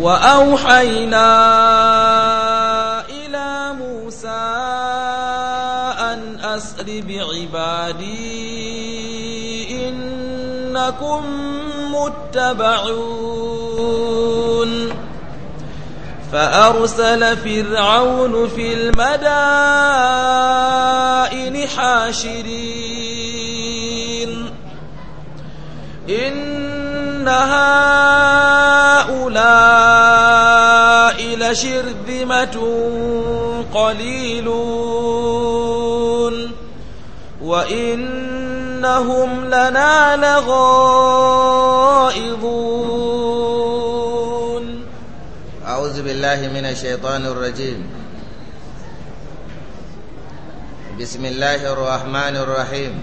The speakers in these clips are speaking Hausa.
وأوحينا إلى موسى أن أسر بعبادي إنكم متبعون فأرسل فرعون في المدائن حاشرين إن إن هؤلاء لشرذمة قليلون وإنهم لنا لغائظون أعوذ بالله من الشيطان الرجيم بسم الله الرحمن الرحيم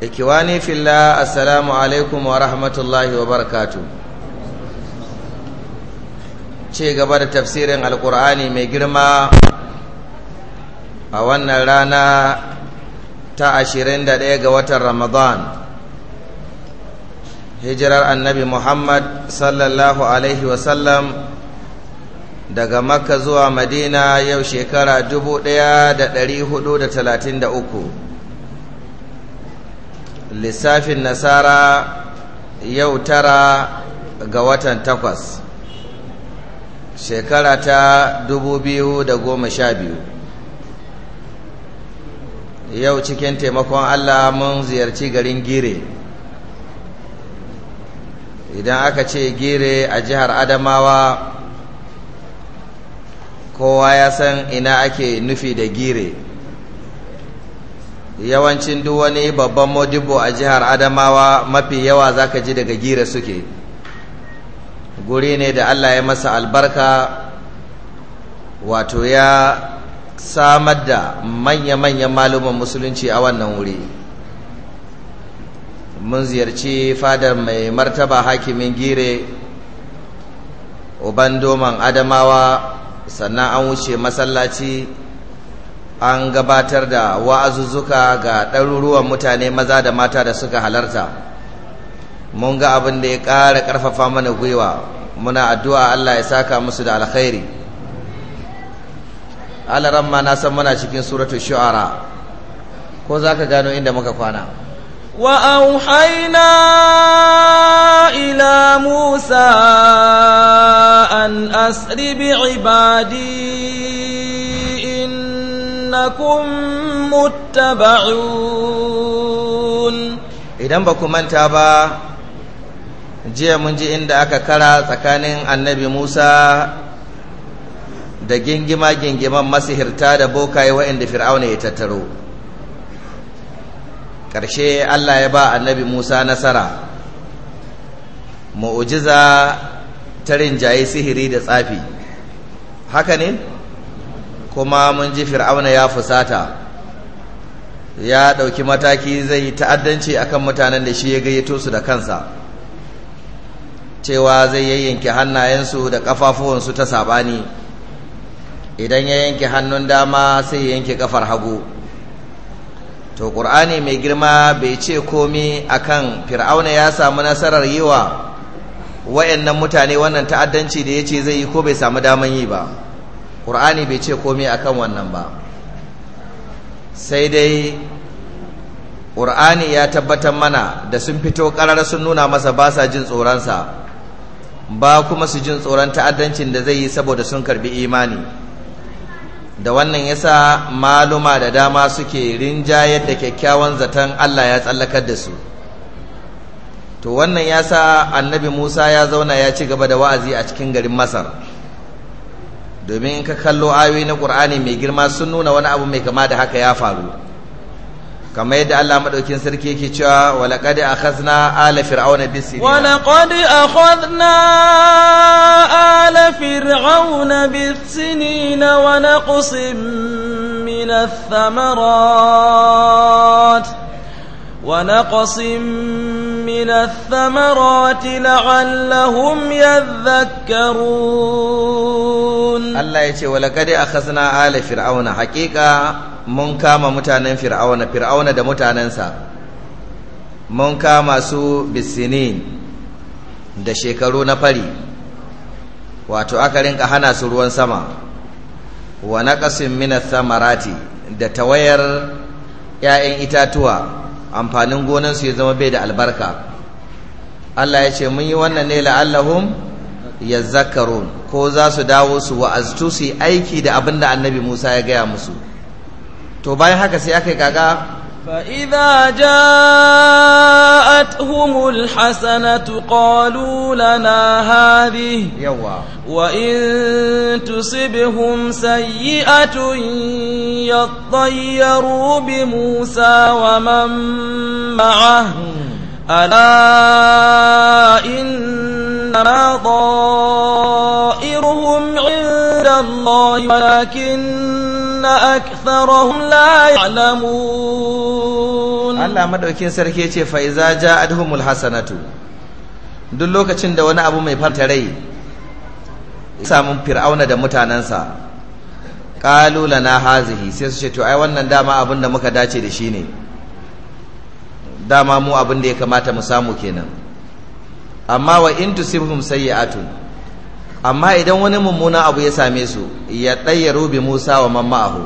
ikiwani filla assalamu alaikum wa rahmatullahi wa barakatu ce gaba da tafsirin alkur'ani mai girma a wannan rana ta 21 ga watan ramadan hijirar annabi muhammad sallallahu alaihi wasallam daga makka zuwa madina yau shekara 1433 lissafin nasara yau tara ga watan takwas shekara ta dubu goma sha biyu yau cikin taimakon allah mun ziyarci garin gire idan aka ce gire a jihar adamawa kowa ya san ina ake nufi da gire yawancin duk wani babban modibo a jihar adamawa mafi yawa zaka ji daga gira suke guri ne da allah ya masa albarka wato ya samar da manya-manyan malumin musulunci a wannan wuri mun ziyarci fadar mai martaba hakimin gire uban doman adamawa sannan an wuce masallaci an gabatar da wa'azuzzuka ga ɗaruruwan mutane maza da mata da suka halarta mun ga abin da ya ƙara ƙarfafa mana gwiwa muna addu'a Allah ya saka musu da alkhairi alaran ma na san muna cikin suratul shu'ara ko za ka gano inda muka kwana وأوحينا إلى موسى أن أسر بعبادي أنكم متبعون idan ba ku manta ba jiya mun ji inda aka kara tsakanin annabi musa da gingima gingiman masihirta da bokaye waɗanda fir'auna ya tattaro ƙarshe allah ya ba annabi musa nasara mu'ujiza ta rinjaye sihiri da tsafi haka ne? kuma mun ji fir'auna ya fusata ya ɗauki mataki zai yi ta'addanci akan mutanen da shi ya gayyato su da kansa cewa zai yayyanke hannayensu da ƙafafuwansu ta saɓani idan ya yanke hannun dama sai ya yanke ƙafar hagu to ƙur'ani mai girma bai ce komi akan fir'auna ya samu nasarar yiwa wa wa'annan mutane wannan ta'addanci da ya ce zai yi ko bai samu daman yi ba ƙur'ani bai ce komai akan wannan ba sai dai ƙur'ani ya tabbatar mana da sun fito ƙarar sun nuna masa ba sa jin tsoronsa ba kuma su jin tsoron ta'addancin da zai yi saboda sun karbi imani da wannan yasa maluma da dama suke rinjayar da kyakkyawan zaton Allah ya tsallakar da su to wannan yasa annabi Musa ya zauna ya ci gaba da wa'azi a cikin garin Masar domin ka kallo ayoyi na ƙur'ani mai girma sun nuna wani abu mai kama da haka ya faru kamar yadda Allah madaukin sarki yake cewa walaqad akhazna ala fir'auna bisinina walaqad akhazna ala fir'auna bisinina wa naqsim min ath-thamarat ونقص من الثمرات لعلهم يذكرون الله يتي ولقد أخذنا آل فرعون حقيقة من كام متانا فرعون فرعون دا متانا سا من كام سو بالسنين da shekaru na fari wato aka rinka hana su ruwan sama wa naqasin min ath-thamarati da tawayar 'ya'yan itatuwa amfanin gonansu ya zama bai da albarka Allah ya ce mun yi wannan ne la'allahum zakaru ko za su dawo su wa'aztu su aiki da abin da annabi Musa ya gaya musu to bayan haka sai aka yi kaga فإذا جاءتهم الحسنة قالوا لنا هذه وإن تصبهم سيئة يطيروا بموسى ومن معه ألا إنما ضائرهم عند الله ولكن أكثرهم maɗaukin Sarki ce fa iza ja'adhum alhasanatu duk lokacin da wani abu mai farta rai samu fir'auna da mutanensa, qalu lana hazihi sai su ce to ai wannan dama abin da muka dace da shi ne dama mu abin da ya kamata mu samu kenan amma wa in tusibhum sayyi'atun amma idan wani mummuna abu ya same su ya ɗayyaru bi Musa wa man ma'ahu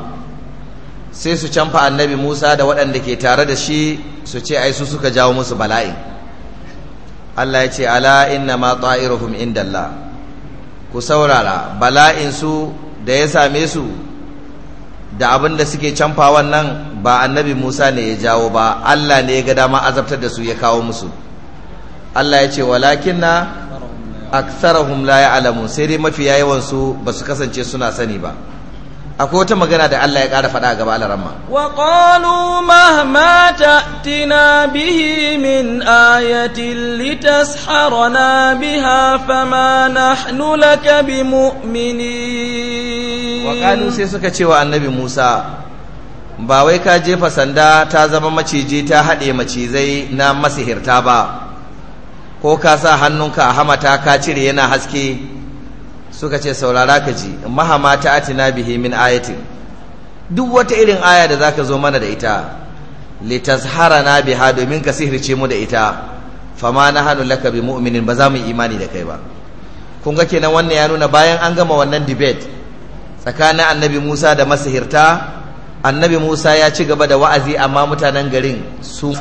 sai su canfa annabi Musa da waɗanda ke tare da shi su ce ai su suka jawo musu bala'in Allah ya ce ala inna ma ta'iruhum indallah ku saurara bala'in su da ya same su da abin da suke canfa wannan ba annabi Musa ne ya jawo ba Allah ne ya ga dama azabtar da su ya kawo musu Allah ya ce walakin na. aktsarahum la ya'lamun sai dai mafi yawan su basu kasance suna sani ba akwai wata magana da Allah ya ƙara faɗa a gaba alaramma wa qalu mahma ta'tina bihi min ayatin litasharana biha fama nahnu laka bimu'minin wa qalu sai suka ce wa annabi Musa ba wai ka jefa sanda ta zama maciji ta haɗe macizai na masihirta ba ko ka sa hannunka a hamata ka cire yana haske suka ce saurara ka ji mahama ta atina bihi min ayatin duk wata irin aya da zaka zo mana da ita na biha domin ka sihirce mu da ita fama nahanu laka bi mu'minin ba za mu imani da kai ba kun ga kenan wannan ya nuna bayan an gama wannan debate tsakanin annabi Musa da masihirta annabi Musa ya ci gaba da wa'azi amma mutanen garin su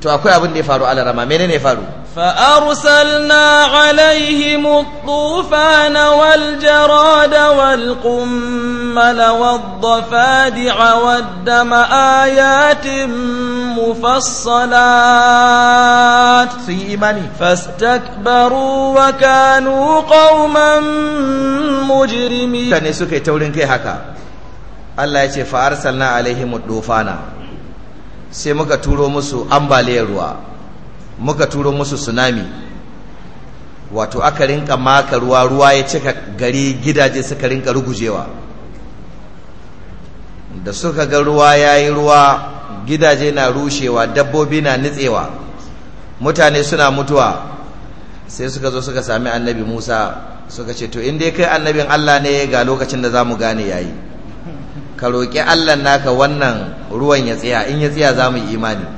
to akwai abin da ya faru alarama menene ya faru فأرسلنا عليهم الطوفان والجراد والقمل والضفادع والدم آيات مفصلات فاستكبروا وكانوا قوما مجرمين mutane suka yi taurin kai haka Allah ya ce fa'arsalna alaihim dufana sai muka turo musu ambaliyar ruwa muka turo musu tsunami wato aka rinka maka ruwa ruwa ya cika gari gidaje suka rinka rugujewa da suka ga ruwa ya yi ruwa gidaje na rushewa dabbobi na nitsewa mutane suna mutuwa sai suka zo suka sami annabi musa suka ce to inda kai annabin allah ne ga lokacin da za mu gane yayi ka roƙi allah naka wannan ruwan ya tsaya in ya tsaya za mu yi imani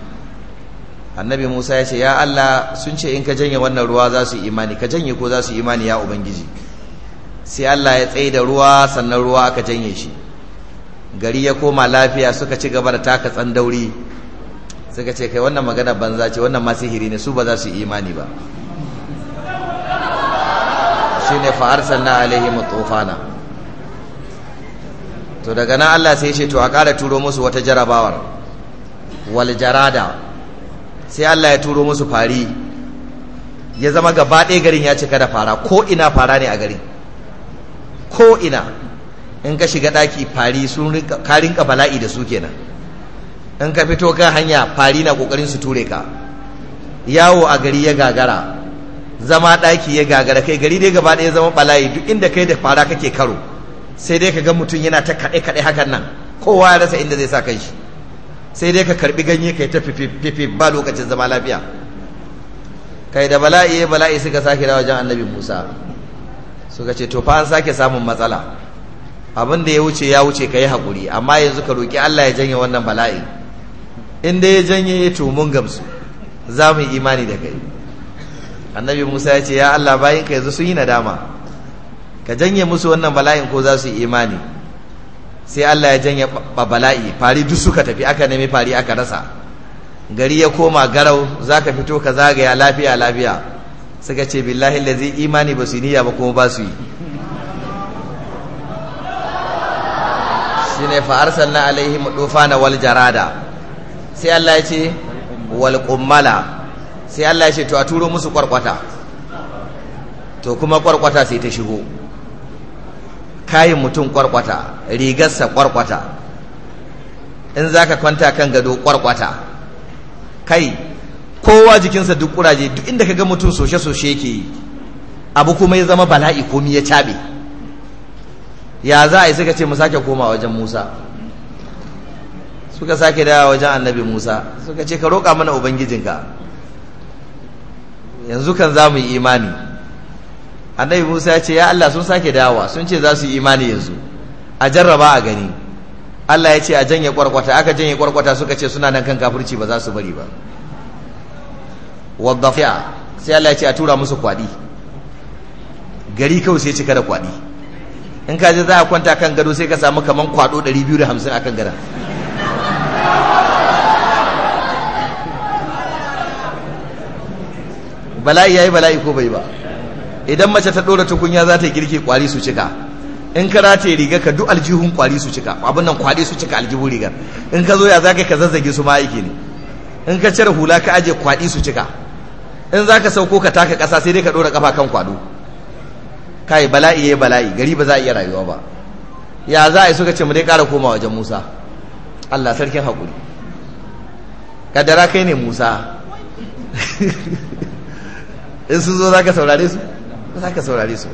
annabi Musa ya ce ya Allah sun ce in ka janye wannan ruwa za su imani ka janye ko za su imani ya ubangiji sai Allah ya tsaye da ruwa sannan ruwa aka janye shi gari ya koma lafiya suka ci gaba da taka tsandauri suka ce kai wannan magana banza ce wannan masu hiri ne su ba za su imani ba ne fa sannan alaihi tufana to daga nan Allah sai ya ce to a ƙara turo musu wata jarabawar wal jarada sai Allah ya turo musu fari ya zama gaba ɗaya garin ya cika da fara ko ina fara ne a garin ko ina in ka shiga ɗaki fari sun ka rinka bala'i da su kenan in ka fito kan hanya fari na ƙoƙarin su ture ka yawo a gari ya gagara zama ɗaki ya gagara kai gari dai gaba ɗaya zama bala'i duk inda kai da fara kake karo sai dai ka ga mutum yana ta kaɗe-kaɗe hakan nan kowa ya rasa inda zai sa kai shi sai dai ka karbi ganye kai ta fifi ba lokacin zama lafiya kai da bala'i bala'i suka sake da wajen annabi Musa suka ce to fa an sake samun matsala abin da ya wuce ya wuce ka yi hakuri amma yanzu ka roƙi Allah ya janye wannan bala'i in dai ya janye to mun gamsu za mu yi imani da kai annabi Musa ya ce ya Allah bayin ka yanzu sun yi nadama ka janye musu wannan bala'in ko za su yi imani sai Allah ya janye bala'i fari duk suka tafi aka nemi fari aka rasa gari ya koma garau za ka fito ka zagaya lafiya lafiya suka ce billahi lazi imani ba su yi niyya ba kuma ba su yi fa’ar sannan alaihi maɗofa na wal jarada sai Allah ya ce wal qummala sai Allah ya ce to a turo musu kwarkwata to kuma kwarkwata sai ta shigo kayan mutum kwarkwata rigarsa kwarkwata in za ka kwanta kan gado kwarkwata kai kowa jikinsa duk kuraje duk inda ka ga mutum soshe-soshe yake yi abu kuma ya zama bala'i komi ya caɓe ya za a yi suka ce mu sake koma wajen musa suka sake dawa wajen annabi musa suka ce ka roƙa mana ubangijinka yanzu kan za mu yi imani annabi Musa ya ce ya Allah sun sake dawa sun ce za su yi imani yanzu a jarraba a gani Allah ya ce a janye kwarkwata aka janye kwarkwata suka ce suna nan kan kafirci ba za su bari ba wadda sai Allah ya ce a tura musu kwadi gari kawai sai cika da kwadi in ka je za a kwanta kan gado sai ka samu kaman kwado 250 kan gada bala'i ya yi bala'i ko bai ba idan mace ta ɗora tukunya za ta yi girki kwari su cika in ka rataye riga ka duk aljihun kwari su cika abin nan kwari su cika aljihun rigar in ka zo ya za ka zazzage su ma'aiki ne in ka cire hula ka aje kwari su cika in za ka sauko ka taka ƙasa sai dai ka ɗora ƙafa kan kwado kai bala'i ya bala'i gari ba za a iya rayuwa ba ya za a yi suka ce mu dai ƙara koma wajen musa allah sarkin haƙuri kadara kai ne musa in sun zo za ka saurare su ba za ka saurare su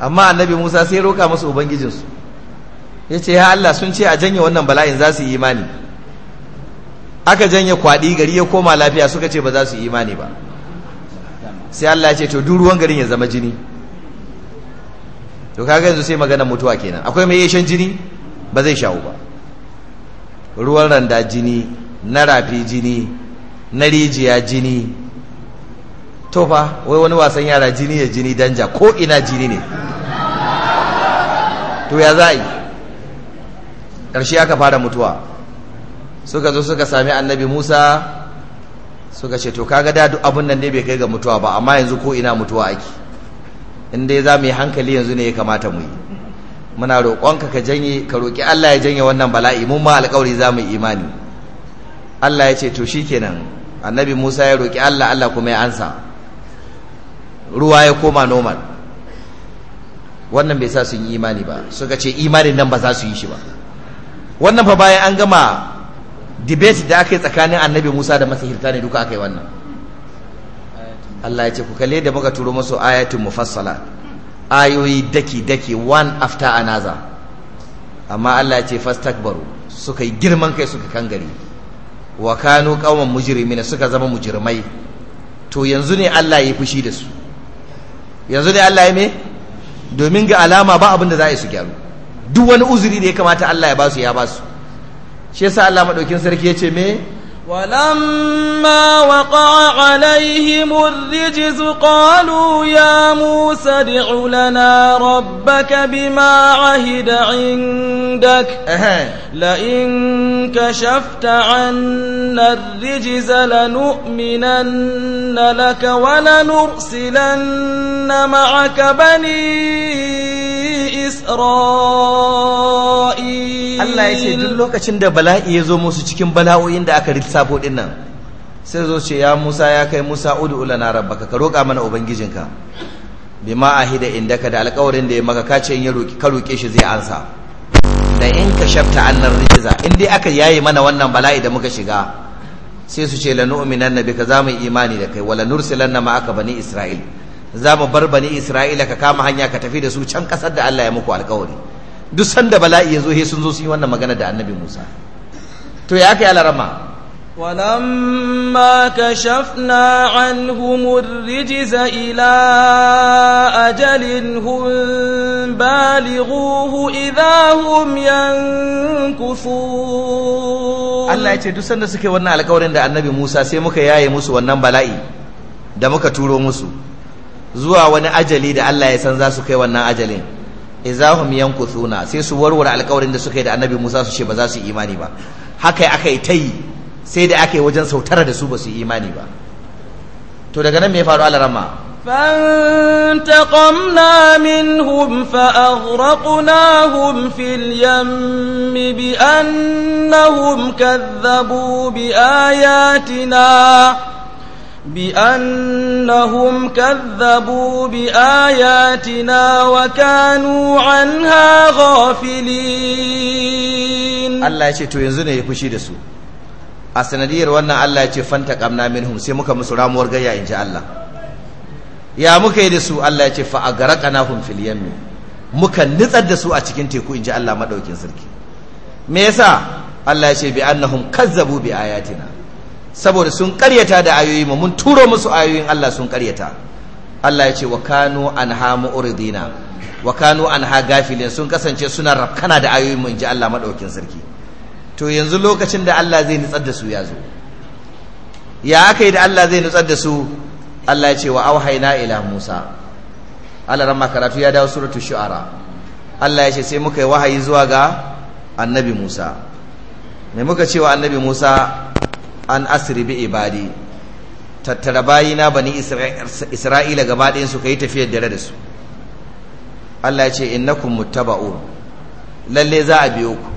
amma annabi musa sai roka musu ubangijinsu ya ce ya allah sun ce a janye wannan bala'in za su yi imani aka janye kwaɗi gari ya koma lafiya suka ce ba za su yi imani ba sai allah ce to duk ruwan garin ya zama jini to kaga yanzu sai magana mutuwa kenan akwai mai yashen jini ba zai shawo ba ruwan randa jini na rafi jini na rijiya jini to fa wai wani wasan yara jini ya jini danja ko ina jini ne to ya yi ƙarshe aka fara mutuwa suka zo suka sami annabi musa suka ce to kaga dadu abun abin nan ne bai kai ga mutuwa ba amma yanzu ko ina mutuwa ake in dai za mu yi hankali yanzu ne ya kamata mu yi muna roƙonka ka janye ka roƙi Allah ya janye wannan bala'i mun ma alƙawari za mu yi imani Allah ya ce to shikenan annabi Musa ya roƙi Allah Allah kuma ya ansa ruwa ya koma normal wannan bai sa sun yi imani ba suka ce imanin nan ba za su yi shi ba wannan fa bayan an gama debate da aka yi tsakanin annabi musa da masahirta ne duka aka yi wannan allah ya ce ku kalle da muka turo masu ayatun mufassala ayoyi daki-daki one after another amma allah ya ce fastakbaru suka yi girman kai suka kangare wa kanu kauman mujrimina suka zama mujrimai to yanzu ne allah ya fushi da su yanzu dai Allah ya me domin ga alama ba abin da za a yi su gyaru duk wani uzuri da ya kamata Allah ya ba su ya ba su shi yasa Allah madaukin sarki ya ce me ولما وقع عليهم الرجز قالوا يا موسى دع لنا ربك بما عهد عندك لئن كشفت عنا الرجز لنؤمنن لك ولنرسلن معك بني إسرائيل Allah ya ce duk lokacin da bala'i ya zo musu cikin bala'o'in da aka ritsa safo din nan sai zo ce ya Musa ya kai Musa ud'u ulana rabbaka ka roƙa mana ubangijinka bima ahida indaka da alƙawarin da ya maka ka ce in ya roki ka roke shi zai ansa da in ka shafta annar rijiza in dai aka yaye mana wannan bala'i da muka shiga sai su ce lanu'minan nabika za mu imani da kai wala nursilanna aka bani isra'il za mu bar bani isra'ila ka kama hanya ka tafi da su can kasar da Allah ya muku alƙawari duk sanda bala'i ya zo he sun zo sun yi wannan magana da annabi Musa to ya kai alarama ولما كشفنا عنهم الرجز إلى أجل هم بالغوه إذا هم ينكثون Allah ya ce duk sanda suke wannan alƙawarin da Annabi Musa sai muka yaye musu wannan bala'i da muka turo musu zuwa wani ajali da Allah ya san za su kai wannan ajalin izahum yankuthuna sai su warware alƙawarin da suka yi da Annabi Musa su ce ba za su imani ba haka akai ta yi Sai da ake wajen sautara da su basu yi imani ba. To daga nan me ya faɗo al'adar ma? Fantakomna min humfa a'raƙuna humfil ya mi bi an na humka dabbobi aya tina, bi an na humka dabbobi wa kan wucan haɗo filin. Allah ce to yanzu ne ya fushi da su. a sanadiyar wannan Allah ya ce fanta kamna minhum sai muka musu ramuwar gayya in ji Allah ya muka yi da su Allah ya ce fa agraqnahum fil yammi muka nitsar da su a cikin teku in ji Allah madaukin sarki me yasa Allah ya ce bi annahum kazzabu bi ayatina saboda sun karyata da ayoyi mu mun turo musu ayoyin Allah sun karyata Allah ya ce wa kanu anha mu'ridina wa kanu anha gafilin sun kasance suna rafkana da ayoyin mu in ji Allah madaukin sarki to yanzu lokacin da Allah zai nutsar da su ya zo ya aka yi da Allah zai nutsar da su Allah ya ce wa auhaina ila Musa Allah ran karatu ya dawo suratul shu'ara Allah ya ce sai muka yi wahayi zuwa ga annabi Musa me muka ce wa annabi Musa an asri bi ibadi tattara bayina bani Isra'ila gaba ɗayan su kai tafiyar dare da su Allah ya ce innakum muttaba'un lalle za a biyo ku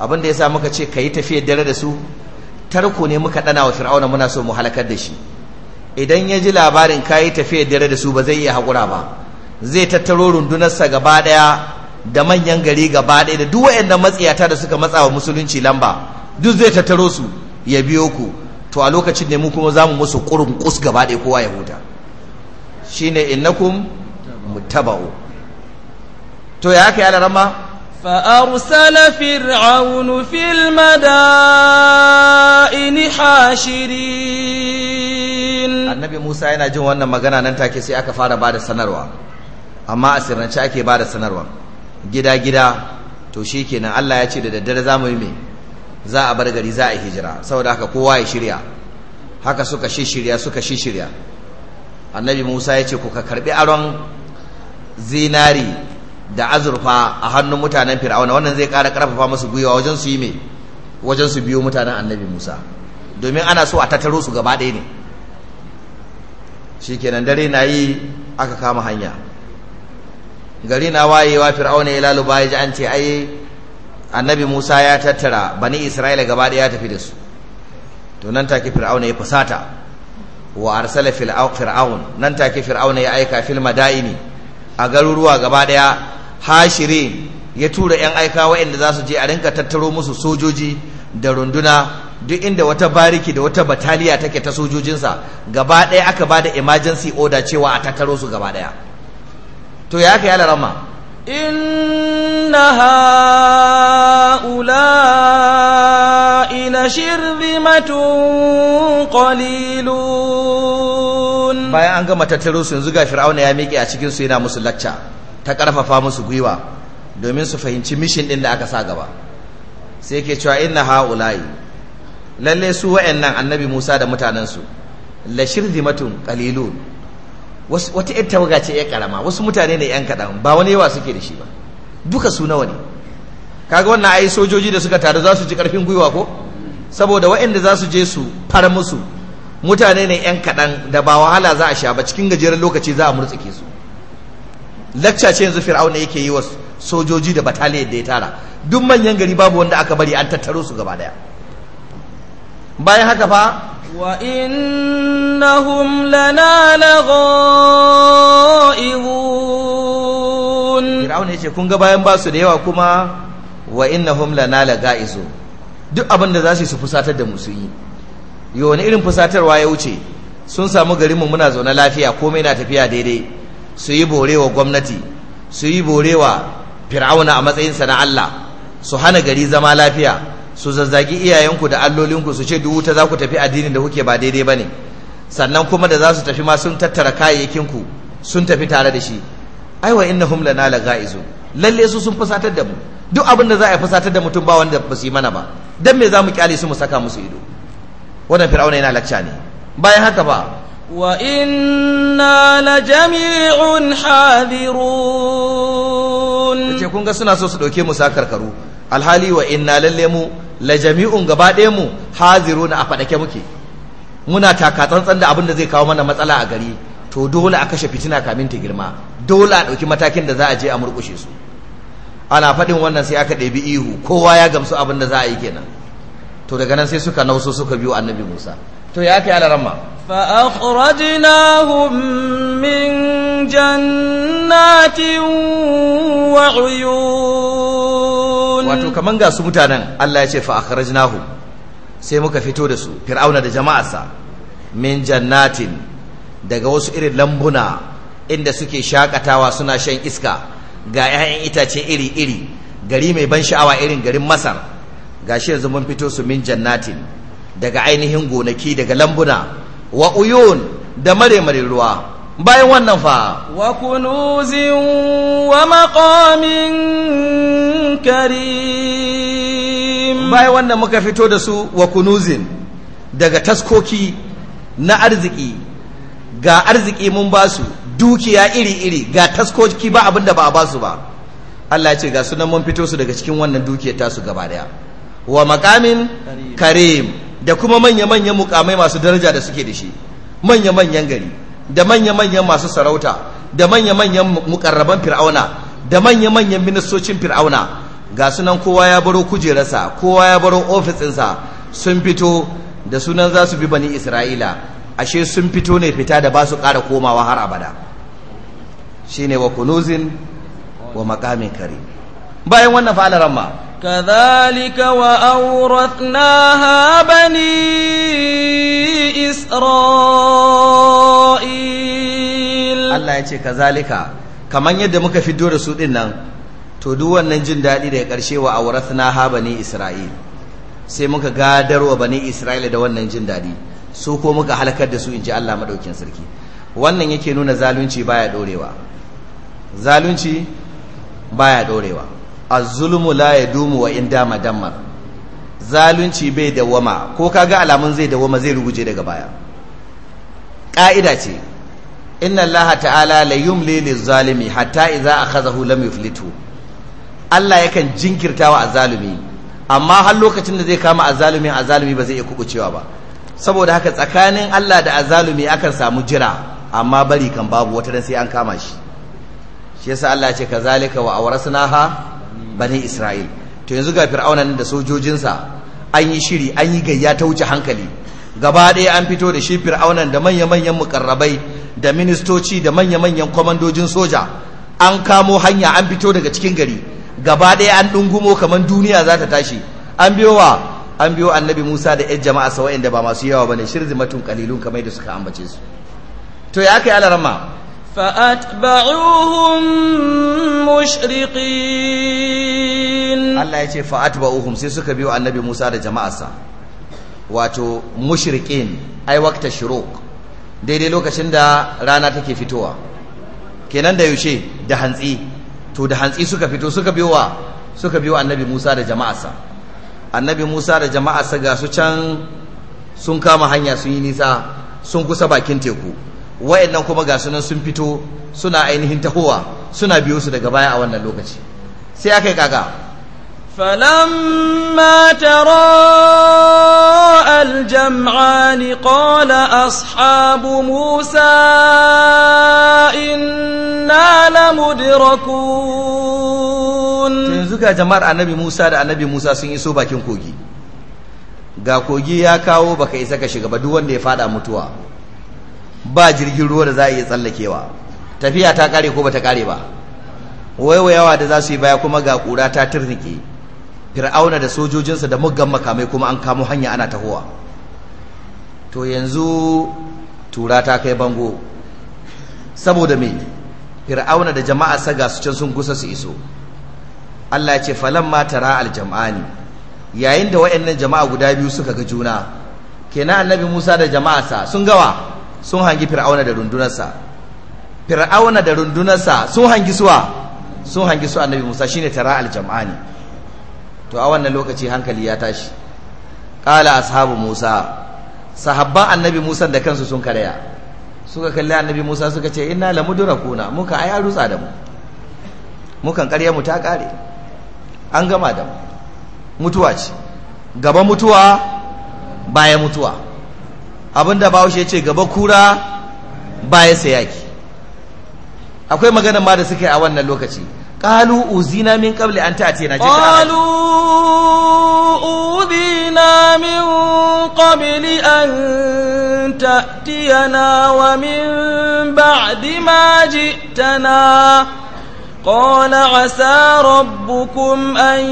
abinda sa muka ce ka yi tafiyar dare da su tarko ne muka dana wa fir'auna muna so mu halakar da shi idan ya ji labarin ka yi tafiyar dare da su ba zai iya haƙura ba zai tattaro rundunarsa gaba daya da manyan gari gaba daya da duk waɗannan matsiyata da suka matsa wa musulunci lamba duk zai tattaro su ya biyo ku to a lokacin ne mu kuma za mu musu ƙurin ƙus gaba ɗaya kowa ya huta shine innakum muttaba'u to ya haka ya larama فأرسل فرعون في المدائن حاشرين النبي موسى yana jin wannan magana nan take sai aka fara bada sanarwa amma a sirrance ake bada sanarwa gida gida to shikenan Allah ya ce da daddare za mu yi me za a bar gari za a hijira saboda haka kowa ya shirya haka suka shishirya suka shishirya annabi Musa ya ce ku ka karbi aron zinari da azurfa a hannun mutanen fir'auna wannan zai ƙara ƙarfafa musu gwiwa wajen su yi me wajen su biyo mutanen annabi musa domin ana so a tattaro su gaba ɗaya ne shikenan dare na yi aka kama hanya gari na wayewa fir'auna ya laluba ya ji an ce ai annabi musa ya tattara bani isra'ila gaba ɗaya ya tafi da su to nan take fir'auna ya fusata wa arsala fir'aun nan take fir'auna ya aika fil madaini a garuruwa gaba daya hashirin ya tura 'yan aika waɗanda za su je a rinka tattaro musu sojoji da runduna duk inda wata bariki da wata bataliya take ta sojojinsa gaba ɗaya aka ba da emergency order cewa a tattaro su gaba ɗaya to ya aka yi alarama inna ha'ula'i la shirzimatun qalilun bayan an gama tattaro su yanzu ga fir'auna ya miƙe a cikin yana musu lacca ta ƙarfafa musu gwiwa domin su fahimci mishin ɗin da aka sa gaba sai ke cewa inna ha'ulayi lalle su wa'annan annabi Musa da mutanensu la shirzimatun qalilun wata yar tawaga ce ya karama wasu mutane ne yan kaɗan ba wani yawa suke da shi ba duka su nawa ne kaga wannan ai sojoji da suka taru za su ji karfin gwiwa ko saboda da za su je su fara musu mutane ne yan kaɗan da ba wahala za a sha ba cikin gajeren lokaci za a murtsike su lacca ce yanzu fir'auna yake yi wa sojoji da bataliyar da ya tara duk manyan gari babu wanda aka bari an tattaro su gaba daya bayan haka fa wa innahum lana laghaibun fir'auna yace kun ga bayan ba su da yawa kuma wa innahum lana laghaizu duk abin da za su fusatar da mu yi yo wani irin fusatarwa ya wuce sun samu garinmu muna zaune lafiya komai na tafiya daidai su yi borewa gwamnati su yi borewa fir'auna a matsayin sana Allah su hana gari zama lafiya su zazzagi iyayenku da allolinku su ce duk wuta za ku tafi addinin da kuke ba daidai ba ne sannan kuma da za su tafi ma sun tattara kayayyakinku sun tafi tare da shi ai wa innahum lana laga'izu lalle su sun fusatar da mu duk abin da za a fusatar da mutum ba wanda ba su yi mana ba dan me za mu kyale su mu saka musu ido wannan fir'auna yana lakca ne bayan haka ba وإنا لجميع حاذرون ce kun ga suna so su dauke mu sakarkaru alhali wa inna lalle mu la jami'un gaba ɗaya mu haziruna a fadake muke muna taka tsantsan da abin da zai kawo mana matsala a gari to dole a kashe fitina kamin ta girma dole a ɗauki matakin da za a je a murƙushe su ana faɗin wannan sai aka ɗebi ihu kowa ya gamsu abin da za a yi kenan to daga nan sai suka nauso suka biyo annabi musa to ya fi alarama min jannatin wa uyun wato kaman ga su mutanen Allah ya ce fa akhrajnahum sai muka fito da su fir'auna da jama'arsa min jannatin daga wasu irin lambuna inda suke shakatawa suna shan iska ga 'ya'yan itace iri-iri gari mai ban sha'awa irin garin masar gashi yanzu mun fito su min jannatin daga ainihin gonaki daga lambuna wa uyun da mare-mare ruwa bayan wannan fa wa kunuzin wa maqamin karim bayan wannan muka fito da su wa kunuzin daga taskoki na arziki ga arziki mun ba su dukiya iri-iri ga taskoki ba da ba a ba su ba Allah ya ce ga sunan mun fito su daga cikin wannan dukiya tasu gaba daya wa maqamin karim da kuma manya-manyan mukamai masu daraja da suke da shi manya-manyan gari da manya-manyan masu sarauta da manya-manyan mukarraban fir'auna da manya-manyan ministocin fir'auna ga sunan kowa ya baro kujerarsa kowa ya baro ofisinsa sun fito da sunan za su bi bani isra'ila ashe sun fito ne fita da ba su ƙara komawa har abada shine wa kunuzin wa makamin kare bayan wannan fa alaran ma kadhalika wa awrathnaha bani isra'il Allah ya ce kadhalika kamar yadda muka fito da su ɗinnan, to duk wannan jin daɗi daga ƙarshe wa awrathnaha bani isra'il sai muka gadarwa bani isra'il da wannan jin daɗi su ko muka halakar da su in ji Allah madaukin sarki wannan yake nuna zalunci baya dorewa zalunci baya dorewa az la ya dumu wa in dama zalunci bai dawama ko kaga alamun zai dawama zai ruguje daga baya ka'ida ce inna Allah ta'ala la yumli lil zalimi hatta idza akhadhahu lam yuflitu Allah yakan jinkirtawa azzalumi amma har lokacin da zai kama azzalumi azzalumi ba zai iya kukucewa ba saboda haka tsakanin Allah da azzalumi akan samu jira amma bari kan babu wata sai an kama shi shi yasa Allah ya ce kazalika wa awrasnaha bani isra'il to yanzu ga fir'auna da sojojinsa an yi shiri an yi gayya ta wuce hankali gaba ɗaya an fito da shi fir'aunan da manya-manyan mukarrabai da ministoci da manya-manyan kwamandojin soja an kamo hanya an fito daga cikin gari gaba ɗaya an ɗungumo kamar duniya za ta tashi an biyo wa an biyo annabi musa da yan jama'a sa da ba masu yawa bane shirzi matun kalilun kamar da suka ambace su to ya kai alarama فأتبعوهم مشرقين الله يتي فأتبعوهم سيسوك بيو النبي موسى دا جماعة واتو مشرقين أي وقت الشروق دي دي لوكا شندا رانا تكي فتوة كنان دا يوشي دا هنزي تو دا هنزي سوكا فتو سوكا بيو سوكا بيو النبي موسى دا جماعة النبي موسى دا جماعة غاسو چان sun kama hanya sun yi nisa sun kusa bakin teku wayannan kuma ga sunan sun fito suna ainihin tahowa suna biyo su daga baya a wannan lokaci sai aka yi kaga فلما تراءى الجمعان قال أصحاب موسى إنا لمدركون yanzu ga jama'ar annabi Musa da annabi Musa sun iso bakin kogi ga kogi ya kawo baka isa ka shiga ba duk wanda ya fada mutuwa ba jirgin ruwa da za a iya tsallakewa tafiya ta kare ko ba ta kare ba waiwayawa da za su yi baya kuma ga kura ta turnike fir'auna da sojojinsa da muggan makamai kuma an kamo hanya ana tahowa to yanzu tura ta kai bango saboda me fir'auna da jama'a ga su can sun kusa su iso Allah ya ce ma tara aljam'ani yayin da wayannan jama'a guda biyu suka ga juna kenan annabi Musa da jama'a sa sun gawa sun hangi fir'auna da rundunarsa fir'auna da rundunarsa sun hangi suwa sun hangi su annabi musa shine tara ne. to a wannan lokaci hankali ya tashi qala ashabu musa sahabban annabi musa da kansu sun karaya suka kalli annabi musa suka ce inna lamudrakuna muka ai arutsa da mu mukan karya mu ta kare an gama da mu mutuwa ce gaba mutuwa baya mutuwa abinda ba ya ce gaba kura baya sai yaki akwai maganar ma da suka yi a wannan lokaci kalu uzina min kabli an ta'ati na jika kalu uzina min qabli an yana wa min ba'di ma ji'tana قال عسى ربكم أن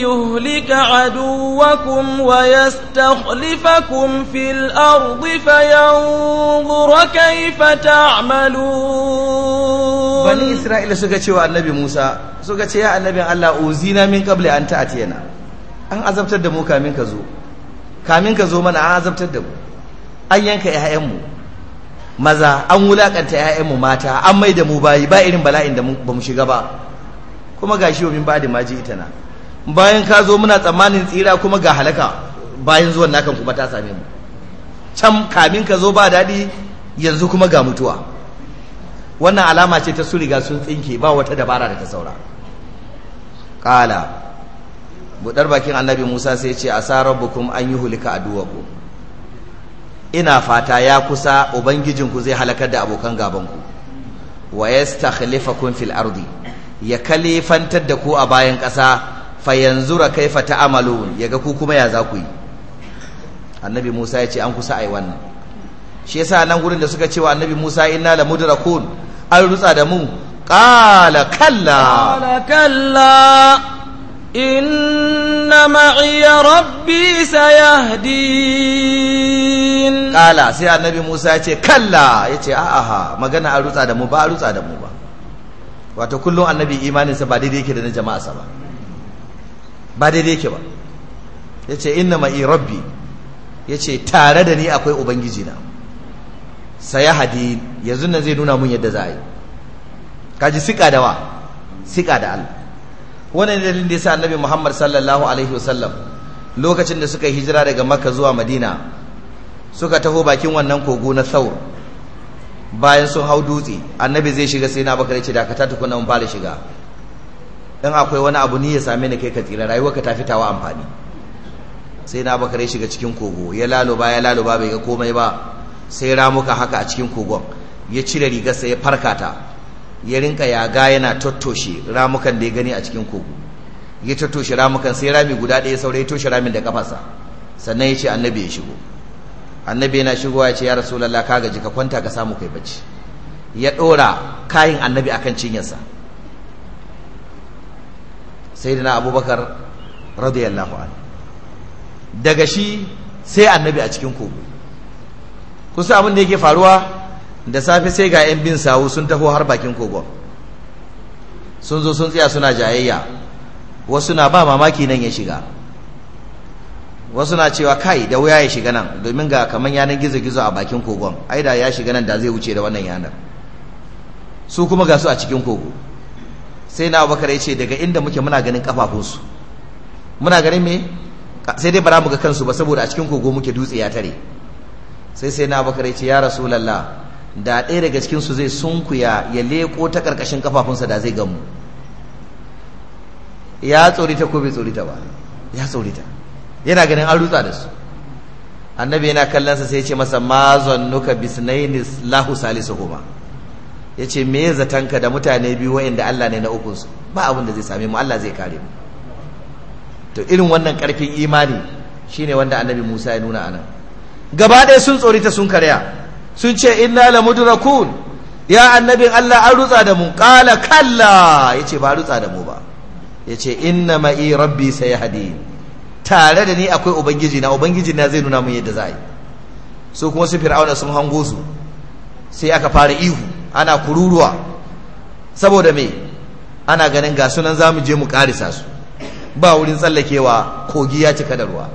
يهلك عدوكم ويستخلفكم في الأرض فينظر كيف تعملون بني إسرائيل سوكا wa annabi Musa suka ce ya annabin Allah uzina min qabli an ta'tiyana an azabtar da mu kamin ka zo kamin ka zo mana an azabtar da mu an yanka 'ya'yanmu maza an wulakanta mu mata an mai da mu bayi ba irin bala'in da ba mu shiga ba kuma ga shi min ba'di maji ita na bayan ka zo muna tsammanin tsira kuma ga halaka bayan zuwan nakan kuma ta same mu can kamin ka zo ba daɗi yanzu kuma ga mutuwa wannan alama ce ta su riga sun tsinke ba wata dabara da ta saura ƙala buɗar bakin annabi musa sai ce asa rabbukum an yi hulika aduwakum ina fata ya kusa ubangijinku zai halakar da abokan gabanku wa kun fil ardi ya kalifantar da ku a bayan kasa fa yanzura kaifa ya yaga ku kuma ya za ku yi annabi Musa ya ce an kusa ai wannan shi yasa nan gurin da suka ce wa annabi Musa inna la mudrakun an rutsa da mu qala kalla qala kalla Inna Kala sai annabi Musa ya ce kalla ya ce موسى magana a rutsa da mu ba a rutsa da mu ba wato kullum annabi imaninsa ba daidai yake da na jama'a ba ba daidai yake ba ya ce inna ma'i rabbi ya ce tare da ni akwai ubangiji na saya hadi yanzu nan zai nuna mun yadda za a yi kaji sika da wa sika da Allah wannan dalilin da yasa annabi Muhammad sallallahu alaihi wasallam lokacin da suka hijira daga Makka zuwa Madina suka taho bakin wannan kogo na Thawr bayan sun hau dutse annabi zai shiga sai na Bakar ya ce dakata tukuna mun fara shiga in akwai wani abu ni ya same ni kai ka tsira rayuwar ka ta fitawa amfani sai na baka ya shiga cikin kogo ya laluba ya laluba bai ga komai ba sai ramuka haka a cikin kogon ya cire rigarsa ya farka ta ya rinka yaga yana tattoshe ramukan da ya gani a cikin kogo ya tattoshe ramukan sai rami guda ɗaya saurayi toshe ramin da kafarsa sannan ya ce annabi ya shigo annabi yana shigowa ya ce ya lalla ka gaji ka kwanta ka samu kai bacci ya ɗora kayan annabi akan cinyarsa sai da na abubakar radiyallahu an daga shi sai annabi a cikin kogo kusa abin da yake faruwa da safe sai ga 'yan bin sawu sun taho har bakin kogon sun zo sun tsaya suna jayayya wasu na ba mamaki nan ya shiga wasu na cewa kai da wuya ya shiga nan domin ga kamar yanar gizo-gizo a bakin kogon ai da ya shiga nan da zai wuce da wannan yanar su kuma ga su a cikin kogo sai na abubakar ya ce daga inda muke muna ganin kafafunsu muna ganin me sai dai bara mu ga kansu ba saboda a cikin kogo muke dutse ya tare sai sai na abubakar ya ce ya rasulallah da ɗaya daga cikinsu zai sunkuya ya leƙo ta ƙarƙashin kafafunsa da zai gamu ya tsorita ko bai tsorita ba ya tsorita yana ganin an rutsa da su annabi yana kallon sa sai ya ce masa ma zannuka bisnaini lahu salisu huma ya ce me zatanka da mutane biyu wa'inda Allah ne na ukunsu ba abin da zai same mu Allah zai kare mu to irin wannan ƙarfin imani shine wanda annabi Musa ya nuna anan gaba ɗaya sun tsorita sun karya sun ce inna la mudrakun ya annabin Allah an rutsa da mu qala kalla yace ba rutsa da mu ba yace inna i rabbi sayahdi tare da ni akwai ubangiji na ubangiji na zai nuna mun yadda za yi su kuma su fir'auna sun hango su sai aka fara ihu ana kururuwa saboda me ana ganin ga sunan zamu je mu karisa su ba wurin tsallakewa kogi ya cika da ruwa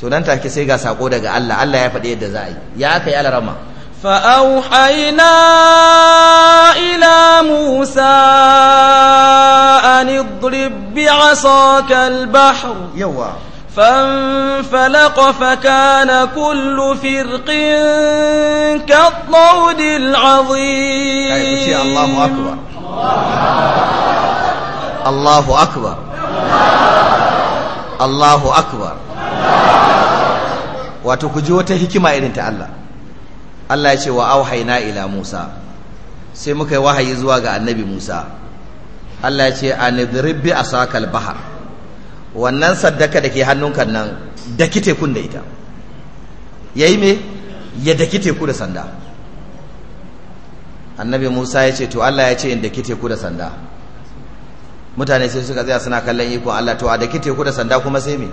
to nan take sai ga sako daga Allah Allah ya faɗi yadda za a yi ya aka yi alarama فأوحينا إلى موسى أن اضرب بعصاك البحر يوا فانفلق فكان كل فرق كالطود العظيم الله أكبر الله أكبر الله أكبر wato ku ji wata hikima irin ta Allah Allah ya ce wa auhayna ila Musa sai muka yi wahayi zuwa ga annabi Musa Allah ya ce anidrib bi asakal bahar wannan saddaka da ke hannunka nan daki tekun da ita yayi me ya daki teku da sanda annabi Musa ya ce to Allah ya ce in daki teku da sanda mutane sai suka tsaya suna kallon iko Allah to a daki teku da sanda kuma sai me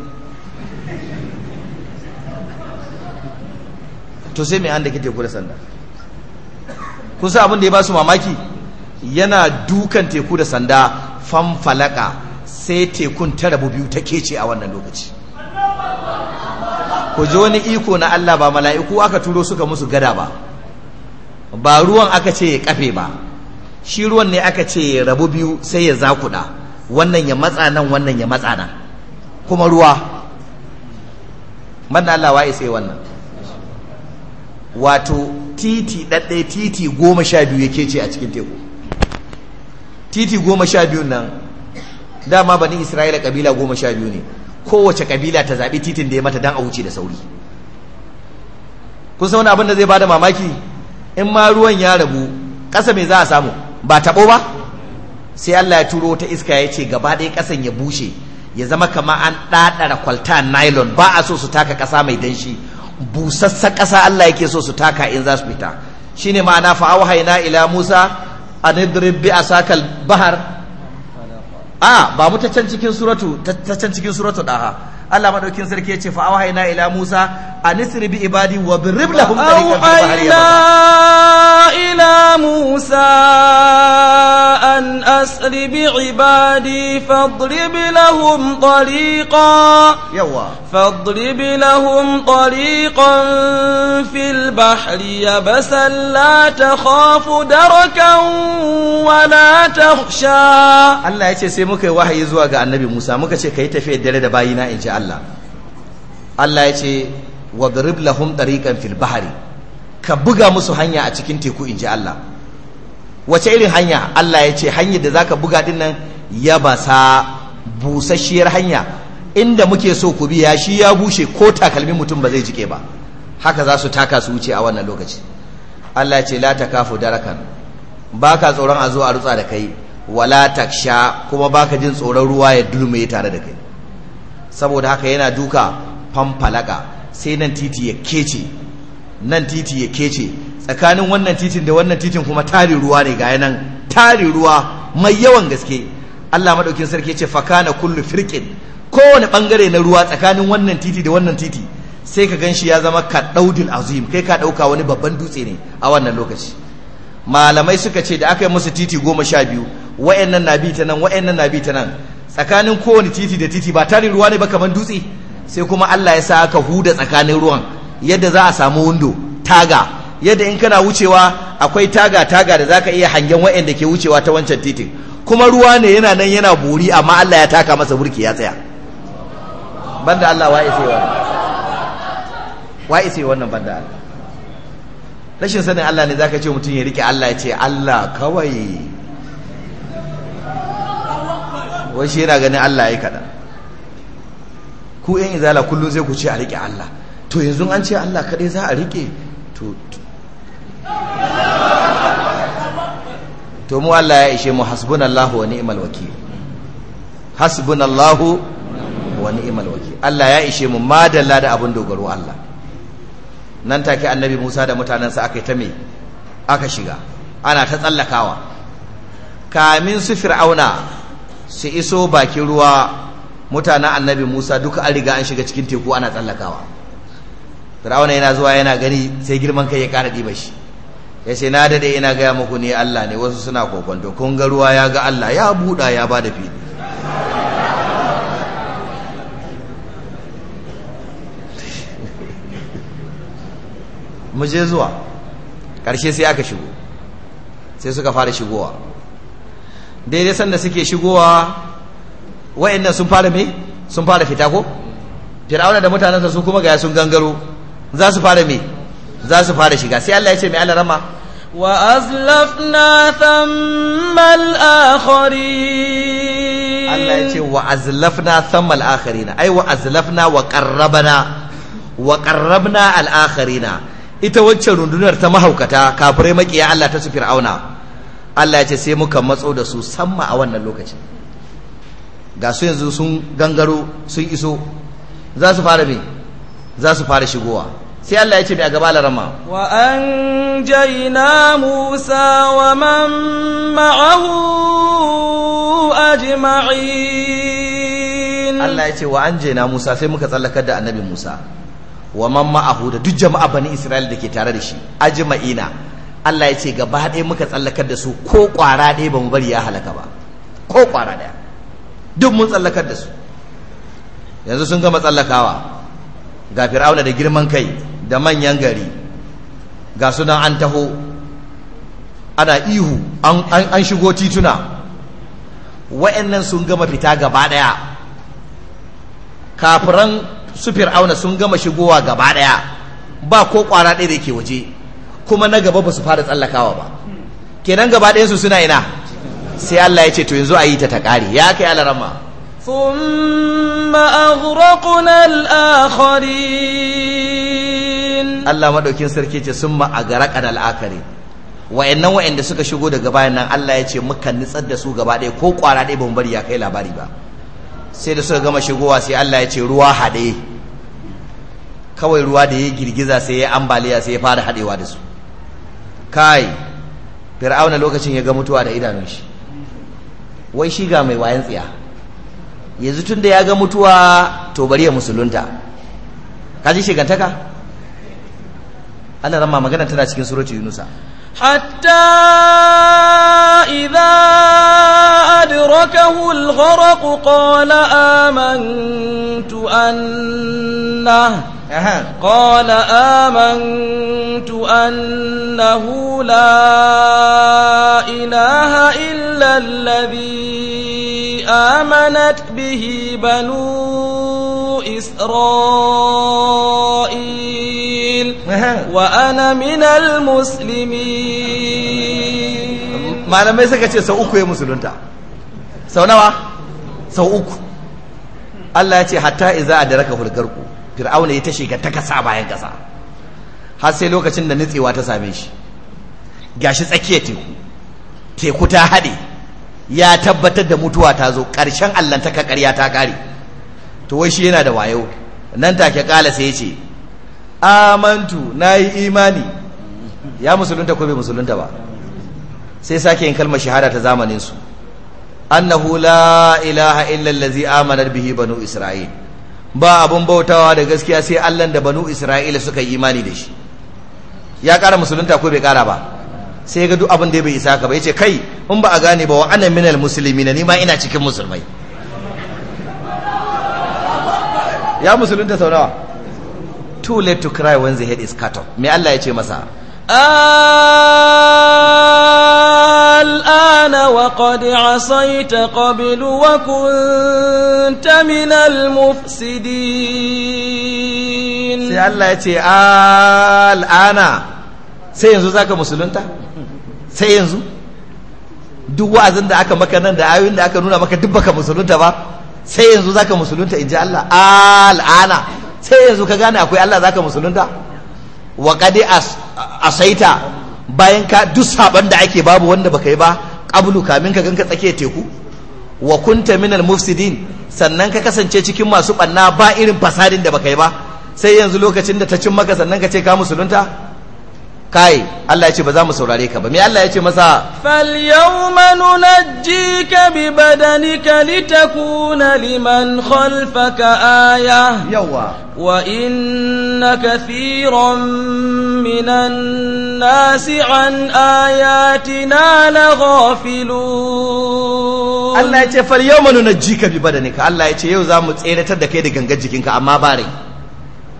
to sai mai an da ke teku da sanda kun san abin da ya ba su mamaki yana dukan teku da sanda fanfalaka sai tekun ta rabu biyu ta kece a wannan lokaci ku ji wani iko na Allah ba mala'iku aka turo suka musu gada ba ba ruwan aka ce ya kafe ba shi ruwan ne aka ce ya rabu biyu sai ya zakuda wannan ya matsa nan wannan ya matsa nan kuma ruwa manna Allah waye sai wannan wato titi ɗaɗɗe titi goma sha biyu yake ce a cikin teku titi goma sha biyun nan dama bani isra'ila kabila goma sha biyu ne kowace kabila ta zaɓi titin da ya mata don a wuce da sauri kun wani abin da zai ba da mamaki in ma ruwan ya rabu ƙasa mai za a samu ba taɓo ba sai allah ya turo ta iska ya ce gaba ɗaya ƙasan ya bushe ya zama kama an ɗaɗara kwalta nylon ba a so su taka ƙasa mai danshi busassa ƙasa Allah yake so su taka in za su fita shi ne ma'ana fa haina ila Musa a idrib bi sakal bahar a ba mu ta can cikin suratu ta can Allah madaukin sarki ya ce fa awhayna ila Musa an bi ibadi wa birrib lahum awhayna ila Musa an asri bi ibadi fadrib lahum tariqa yawa fadrib lahum tariqan fil bahri yabasan la takhafu darakan wa la takhsha Allah ya ce sai muka yi wahayi zuwa ga Annabi Musa muka ce kai tafiya dare da bayina in ji Allah Allah Allah ya ce wadrib lahum tariqan fil bahari ka buga musu hanya a cikin teku in ji Allah wace irin hanya Allah ya ce hanyar da zaka buga din nan ya basa busasshiyar hanya inda muke so ku biya shi ya bushe ko takalmin mutum ba zai jike ba haka za su taka su wuce a wannan lokaci Allah ya ce la takafu darakan baka tsoron a zo a rutsa da kai wala taksha kuma baka jin tsoron ruwa ya dulme tare da kai saboda haka yana duka fanfalaka sai nan titi ya kece nan titi ya kece tsakanin wannan titin da wannan titin kuma tari ruwa ne ga yanan tari ruwa mai yawan gaske Allah maɗaukin sarki ce fakana kullu firqin kowane bangare na ruwa tsakanin wannan titi da wannan titi sai ka ganshi ya zama ka ɗaudin azim kai ka ɗauka wani babban dutse ne a wannan lokaci malamai suka ce da aka yi musu titi goma sha biyu wa'annan na bi ta nan wa'annan na bi ta nan tsakanin kowane titi da titi ba tarin ruwa ne ba kamar dutse sai kuma Allah ya sa aka huda tsakanin ruwan yadda za a samu wando, taga yadda in kana wucewa akwai taga taga da zaka iya hangen wa'anda ke wucewa ta wancan titin kuma ruwa ne yana nan yana buri amma Allah ya taka masa burki ya tsaya banda Allah wa isa wannan wa isa wannan banda Allah rashin sanin Allah ne zaka ce mutum ya rike Allah ya ce Allah kawai wai shi yana ganin Allah ya kaɗan ku yan izala kullum zai ku ce a riƙe Allah to yanzu an ce Allah kaɗai za a riƙe to to mu Allah ya ishe mu hasbunallahu wa ni'mal wakil hasbunallahu wa ni'mal wakil Allah ya ishe mu madalla da abin dogaro Allah nan take annabi Musa da mutanansa aka yi ta me aka shiga ana ta tsallakawa kamin su fir'auna su iso bakin ruwa mutanen annabi musa duka an riga an shiga cikin teku ana tsallakawa fir'auna yana zuwa yana gani sai girman kai ya kara diba shi ya ce na daɗe ina gaya muku ne allah ne wasu suna kokonto kun ga ruwa ya ga allah ya buɗa ya ba fili mu je zuwa ƙarshe sai aka shigo sai suka fara shigowa daidai sanda suke shigowa wa'annan sun fara me sun fara fita ko fir'auna da mutanen su kuma ga sun gangaro za su fara me za su fara shiga sai Allah ya ce mai Allah rama وأزلفنا ثم الآخرين الله يتي وأزلفنا wa الآخرين Wa وأزلفنا al وقربنا na. ita wacce rundunar ta mahaukata kafirai makiya Allah ta su fir'auna Allah ya ce sai muka matso da su samma a wannan lokacin ga su yanzu sun gangaro sun iso za su fara me za su fara shigowa sai Allah ya ce a gaba larama wa an jaina musa wa man ma'ahu ajma'in Allah ya ce wa an jaina musa sai muka tsallakar da annabi musa wa man ma'ahu da duk jama'a bani Isra'il da ke tare da shi ajma'ina Allah ya ce gaba ɗaya muka tsallakar da su ko ƙwara ɗaya ba mu bari ya halaka ba ko ƙwara ɗaya duk mun tsallakar da su yanzu sun gama tsallakawa ga fir'auna da girman kai da manyan gari ga sunan an taho ana ihu an shigo tituna wa'annan sun gama fita gaba ɗaya kafiran su fir'auna sun gama shigowa gaba ɗaya ba ko ƙwara ɗaya da ke waje kuma na gaba ba su fara tsallakawa ba kenan gaba su suna ina sai Allah ya ce to yanzu a yi ta ta ya kai alarama thumma aghraqna al-akharin Allah madaukin sarki ce ثم al-akharin wayannan wayanda suka shigo daga bayan nan Allah ya ce muka nitsar da su gaba ɗaya ko kwara ɗaya ban bari ya kai labari ba sai da suka gama shigowa sai Allah ya ce ruwa haɗe kawai ruwa da ya girgiza sai ya ambaliya sai ya fara haɗewa da su kai fir'auna lokacin ya ga mutuwa da idanun shi wai shi ga mai wayan tsiya yanzu tun da ya ga mutuwa to bari ya musulunta ka ji shigantaka Allah ramma magana tana cikin surati yunusa حتى إذا أدركه الغرق قال آمنت أنه قال آمنت أنه لا إله إلا الذي آمنت به بنو إسرائيل وأنا من المسلمين malamai suka ce sau uku ya musulunta sau nawa sau uku Allah yace ce hatta iza a da raka hulgarku fir'auna ya ta takasa bayan kasa har sai lokacin da nutsewa ta same shi gashi tsakiyar teku teku ta haɗe ya tabbatar da mutuwa ta zo ƙarshen allantaka ƙarya ta ƙare to wai shi yana da wayo nan take ƙala sai ya ce amantu na yi imani ya musulunta ko bai musulunta ba sai sake yin kalmar shahada ta zamaninsu annahu la ilaha illallazi amanar bihi banu isra'il ba abun bautawa da gaskiya sai allan da banu isra'ila suka yi imani da shi ya ƙara musulunta ko bai ƙara ba sai ga duk abin da bai isa ka bai ce kai in ba a gane ba wa ana minal musulmi na, ma ina cikin musulmai ya musulunta sau nawa too late to cry when the head is cut off me Allah ya ce masa الآن وقد عصيت قبل وكنت من المفسدين سي Allah ya ce al'ana sai yanzu مسلونتا musulunta sai yanzu duk wa'azin da aka maka nan da ayoyin da aka nuna maka duk baka musulunta ba sai yanzu zaka musulunta in ji Allah al'ana sai yanzu ka gane akwai Allah zaka musulunta wa qadi asaita bayan ka duk saban da ake babu wanda baka yi ba qablu kamin ka ganka tsakiya teku wa kunta minal mufsidin sannan ka kasance cikin masu banna ba irin fasadin da baka yi ba sai yanzu lokacin da ta cin maka sannan ka ce ka musulunta kai Allah ya ce ba za mu saurare ka ba me Allah ya ce masa fal yawma nunajjika bi badanika litakuna liman khalfaka aya yawa wa inna kathiran minan nasi an ayatina laghafilun Allah ya ce fal yawma nunajjika bi badanika Allah ya ce yau za mu tseratar da kai da gangar jikinka amma ba rai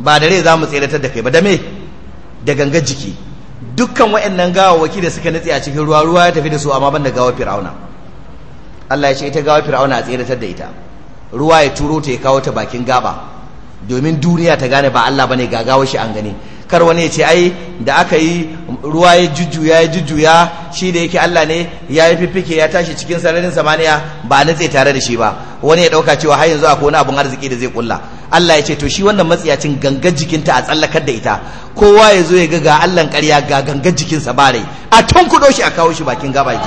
ba da rai za mu tseratar da kai ba da me da gangar jiki dukkan waɗannan gawawaki da suka nutse a cikin ruwa ruwa ya tafi da su amma banda gawar fir'auna Allah ya ce ita gawar fir'auna a tseratar da ita ruwa ya turo ta ya kawo ta bakin gaba domin duniya ta gane ba Allah bane ga gawar shi an gani kar wani ya ce ai da aka yi ruwa ya jujjuya ya jujjuya shi da yake Allah ne ya yi fiffike ya tashi cikin sararin samaniya ba nutse tare da shi ba wani ya ɗauka cewa har yanzu akwai wani abun arziki da zai kulla Allah ya ce to shi wannan matsiyacin ganga jikinta a tsallakar da ita kowa ya zo ya ga ga Allahn ƙarya ga ganga jikinsa ba rai a tunkuɗo shi a kawo shi bakin gaba ya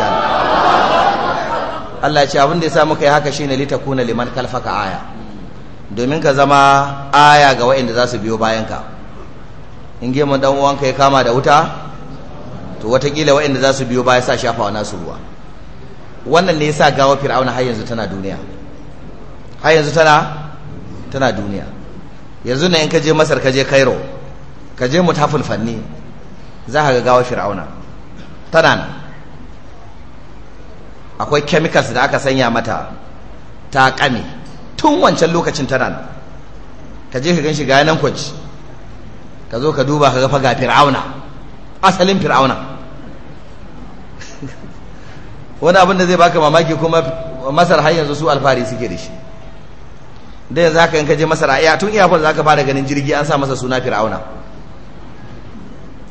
Allah ya ce abin da ya sa muka yi haka shine litakuna liman kalfaka aya domin ka zama aya ga waɗanda za su biyo bayan ka in gemu dan uwanka ya kama da wuta to watakila waɗanda za su biyo baya sa shafa wa nasu ruwa wannan ne yasa gawa fir'auna har yanzu tana duniya har yanzu tana tana duniya yanzu ne in ka je masar ka je cairo ka je mutafin fanni za ka ga gawa fir'auna tana nan akwai chemicals da aka sanya mata ta kame tun wancan lokacin tana nan ka je ka gan shi ga kwanci ka zo ka duba ka gafa ga fir'auna asalin fir'auna wani abin da zai baka mamaki kuma masar har yanzu su alfahari suke da shi da yanzu haka in ka je masara a tun iyakon za ka fara ganin jirgi an sa masa suna fir'auna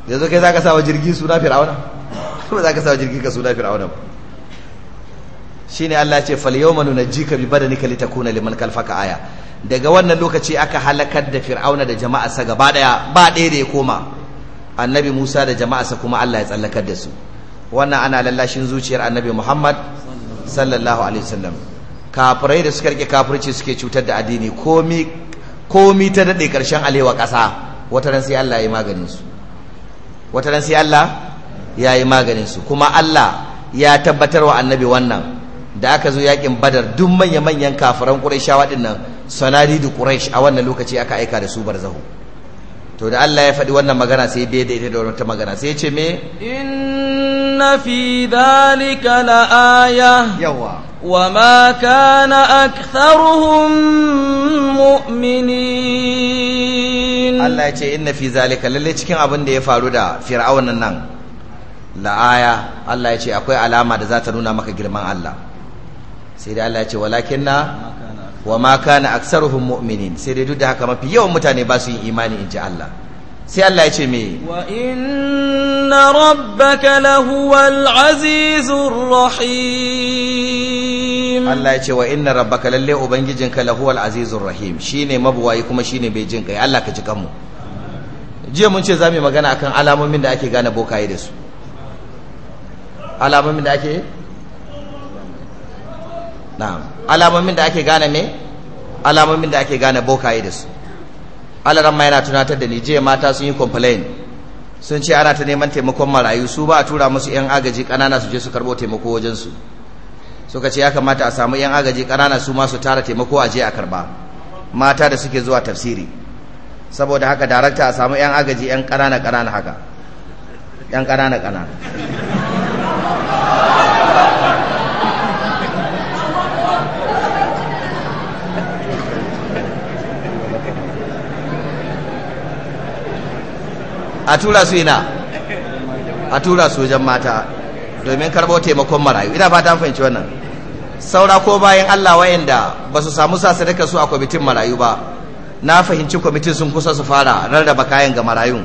yanzu kai za ka sawa jirgi suna fir'auna kuma za ka sawa jirgi ka suna fir'auna ba shine Allah ce fal yawma nunajjika bi badanika litakuna liman khalfaka aya daga wannan lokaci aka halakar da fir'auna da jama'arsa gaba daya ba ɗaya da ya koma annabi Musa da jama'arsa kuma Allah ya tsallakar da su wannan ana lallashin zuciyar annabi Muhammad sallallahu alaihi wasallam kafirai da suka rike kafirci suke cutar da addini komi komi ta dade karshen alewa kasa wata ran sai Allah ya maganin su wata ran sai Allah ya yi maganin su kuma Allah ya tabbatar wa annabi wannan da aka zo yakin badar duk manya manyan kafiran quraish din nan sanadi da quraish a wannan lokaci aka aika da su barzahu to da Allah ya faɗi wannan magana sai bai da ita da wata magana sai ya ce me in إن في ذلك لآية يوا وما كان أكثرهم مؤمنين الله يقول إن في ذلك للي تكين أبن دي فارودا فرعون النان لآية الله يقول أكوي علامة ذات نونا مكا جرمان الله سيدي الله يقول ولكن وما كان أكثرهم مؤمنين سيدي دودها كما في يوم متاني باسي إيماني إن الله sai Allah ya ce me wa inna rabbaka lahuwal azizur rahim Allah ya ce wa inna rabbaka lalle ubangijinka lahuwal azizur rahim shine mabuwayi kuma shine bai jin kai Allah ka ji kanmu jiya mun ce za mu magana akan alamomin da ake gane bokaye da su alamomin da ake na'am alamomin da ake gane me alamomin da ake gane bokaye da su alaran ma yana tunatar da ni jiya mata sun yi complain sun ce ana ta neman taimakon marayu su ba a tura musu yan agaji kanana su je su karbo taimako wajen su suka ce ya kamata a samu yan agaji kanana su ma su tara taimako a je a karba mata da suke zuwa tafsiri saboda haka darakta a samu yan agaji yan kanana kanana haka yan kanana kanana a tura su ina a tura su wajen mata domin karɓo taimakon marayu ina fata fahimci wannan saura ko bayan Allah wayanda ba su samu sa sadaka su a kwamitin marayu ba na fahimci kwamitin sun kusa su fara rarraba kayan ga marayu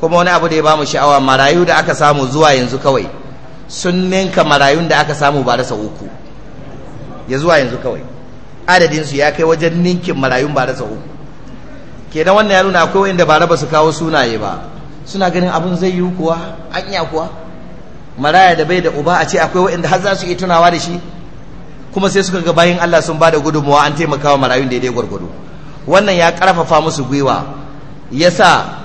kuma wani abu da ya bamu sha'awa marayu da aka samu zuwa yanzu kawai sun ninka marayun da aka samu ba rasa uku ya zuwa yanzu kawai adadinsu ya kai wajen ninkin marayu ba rasa uku kenan wannan ya nuna akwai wanda ba raba su kawo sunaye ba suna ganin abun zai yi kuwa iya kuwa maraya da bai da uba a ce akwai wanda har za su iya tunawa da shi kuma sai suka ga bayan Allah sun ba da gudunmuwa an taimaka wa marayun daidai gwargwado wannan ya karfafa musu gwiwa yasa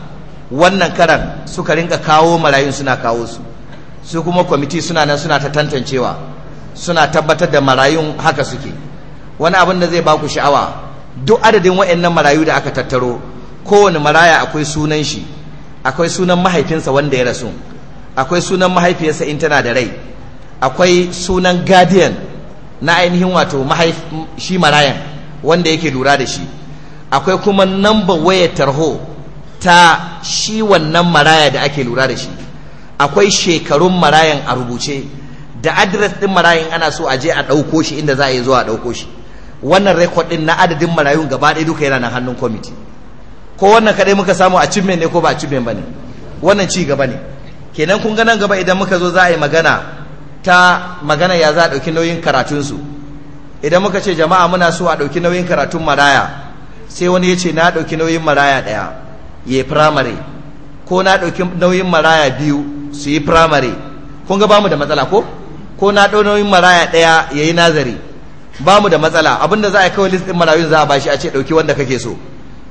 wannan karan suka rinka kawo marayun suna kawo su su kuma kwamiti suna nan suna ta tantancewa suna tabbatar da marayun haka suke wani abin da zai baku sha'awa duk adadin waɗannan marayu da aka tattaro kowane maraya akwai sunan shi akwai sunan mahaifinsa wanda ya rasu akwai sunan mahaifiyarsa in tana da rai akwai sunan guardian na ainihin wato shi marayan wanda yake lura da shi akwai kuma namba waya tarho ta shi wannan maraya da ake lura da shi akwai shekarun marayan a rubuce da adres ɗin marayan ana so a je a ɗauko shi inda za a yi zuwa a ɗauko shi wannan rekod din na adadin marayun gaba ɗaya duka yana na hannun kwamiti ko wannan kaɗai muka samu a cimmen ne ko ba a cimmen ba ne wannan ci gaba ne kenan kun ga nan gaba idan muka zo za a yi magana ta magana ya za a ɗauki nauyin karatunsu idan muka ce jama'a muna so a ɗauki nauyin karatun maraya sai wani ya ce na ɗauki nauyin maraya ɗaya ya yi firamare ko na ɗauki nauyin maraya biyu su yi firamare kun ga bamu da matsala ko ko na ɗau nauyin maraya ɗaya ya yi nazari ba mu da matsala abinda za a kawai list din marayun za a bashi a ce dauki wanda kake so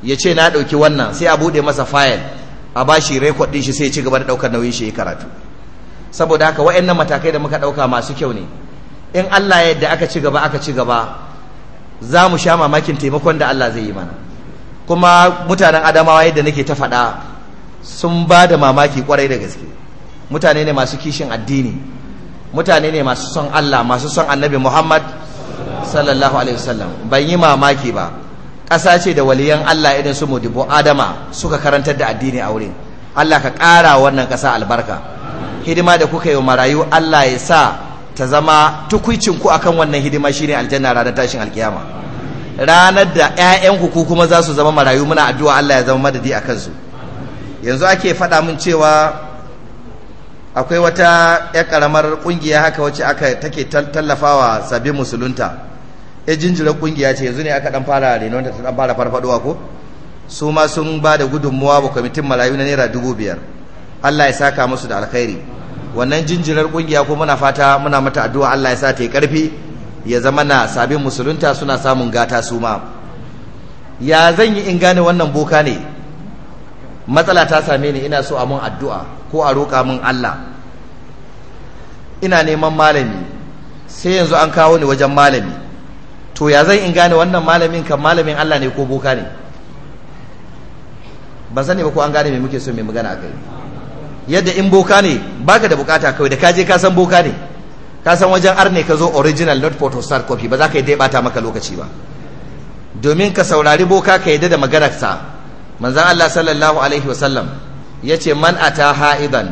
ya ce na ɗauki wannan sai a bude masa fayil a bashi record din shi sai ya ci gaba da daukar nauyin shi ya karatu saboda haka wayannan matakai da muka ɗauka masu kyau ne in Allah ya yarda aka ci gaba aka ci gaba za mu sha mamakin taimakon da Allah zai yi mana kuma mutanen Adamawa yadda nake ta faɗa sun ba da mamaki kwarai da gaske mutane ne masu kishin addini mutane ne masu son Allah masu son Annabi Muhammad sallallahu alaihi wasallam ban yi mamaki ba ƙasa ce da waliyan Allah idan su Mudibu Adama suka karantar da addini a wurin Allah ka ƙara wannan ƙasa albarka hidima da kuka yi marayu Allah ya sa ta zama tukuicin ku akan wannan hidima shine aljanna ranar tashin alkiyama ranar da ƴaƴan ku kuma za su zama marayu muna addu'a Allah ya zama madadi akan su yanzu ake faɗa min cewa akwai wata ƴar ƙaramar ƙungiya haka wacce aka take tallafawa sabbin musulunta e jinjirar kungiya ce yanzu ne aka dan fara renon ta dan fara farfadowa ko su ma sun ba da gudunmuwa ba kwamitin malayu na naira dubu biyar Allah ya saka musu da alkhairi wannan jinjirar kungiya ko muna fata muna mata addu'a Allah ya sa ta yi karfi ya zama na sabin musulunta suna samun gata su ma ya zan yi in gane wannan boka ne matsala ta same ni ina so a mun addu'a ko a roƙa mun Allah ina neman malami sai yanzu an kawo ni wajen malami to ya zai in gane wannan malamin kan malamin Allah ne ko boka ne ban sani ba ko an gane me muke so mai magana kai yadda in boka ne baka da bukata kawai da kaje ka san boka ne ka san wajen ar ne ka zo original not photo star copy ba za ka yi dai bata maka lokaci ba domin ka saurari boka ka yadda da maganarsa manzan Allah sallallahu alaihi wasallam ce man ata ha'idan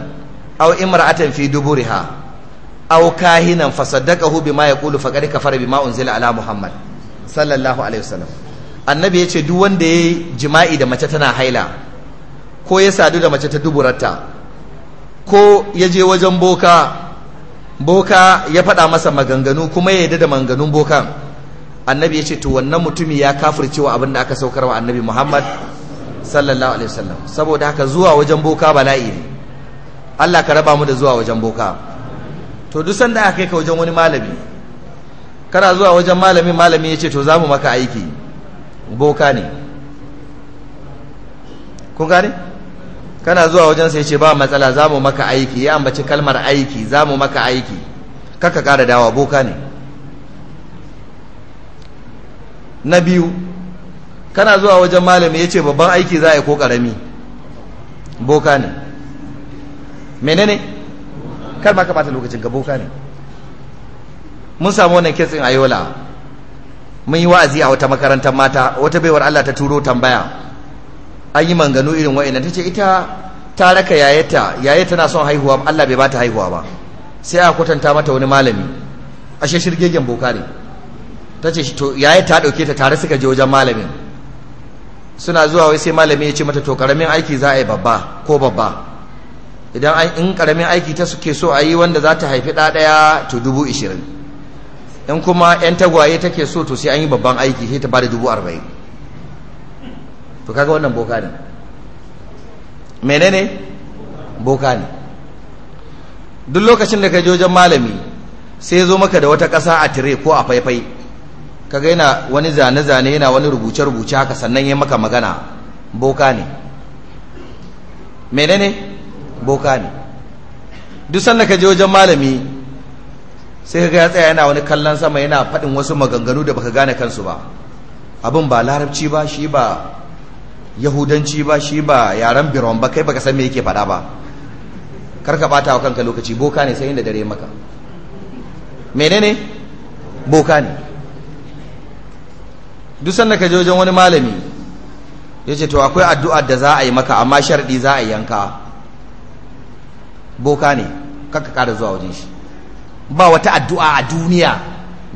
aw imra'atan fi duburiha aw kahinan fasaddaqahu bima yaqulu faqad kafara bima unzila ala muhammad sallallahu alaihi wasallam annabi yace duk wanda yayi jima'i da mace tana haila ko ya sadu da mace ta duburarta ko ya je wajen boka boka ya faɗa masa maganganu kuma ya yarda da maganganun bokan annabi yace to wannan mutumi ya kafircewa abin da aka saukar wa annabi muhammad sallallahu alaihi wasallam saboda haka zuwa wajen boka bala'i ne Allah ka raba mu da zuwa wajen boka to duk sanda aka kai ka wajen wani malami kana zuwa wajen malami malami ya ce to za mu maka aiki boka ne ku gane kana zuwa wajen sai ce ba matsala za mu maka aiki ya ambaci kalmar aiki za mu maka aiki kaka kara dawa boka ne na biyu kana zuwa wajen malami ya ce babban aiki za a yi ko karami boka ne menene ne kar ma ka bata lokacin ka boka ne mun samu wannan kitsin a yola mun yi wa'azi a wata makarantar mata wata baiwar Allah ta turo tambaya an yi manganu irin wa'ina ta ce ita ta raka yayata yayata na son haihuwa Allah bai bata haihuwa ba sai aka kwatanta mata wani malami ashe shirgegen boka ne ta ce to yaya ta dauke ta tare suka je wajen malamin suna zuwa wai sai malami ya ce mata to karamin aiki za a yi babba ko babba idan in karamin aiki ta suke so a yi wanda za ta haifi ɗaya to dubu ishirin in kuma 'yan tagwaye take so to sai an yi babban aiki sai ta ba da dubu arba'in to kaga wannan boka ne menene boka ne duk lokacin da ka je wajen malami sai zo maka da wata ƙasa a tire ko a faifai kaga yana wani zane-zane yana wani rubuce-rubuce haka sannan ya maka magana boka ne menene boka ne duk sanda ka je wajen malami sai ka ga ya tsaya yana wani kallon sama yana faɗin wasu maganganu da baka gane kansu ba abin ba larabci ba shi ba yahudanci ba shi ba yaren biron ba kai baka san me yake faɗa ba kar ka bata wa kanka lokaci boka ne sai inda dare maka menene boka ne duk sanda ka je wajen wani malami ya ce to akwai addu'ar da za a yi maka amma sharɗi za a yanka boka ne kanka ƙara zuwa wajen shi ba wata addu'a a duniya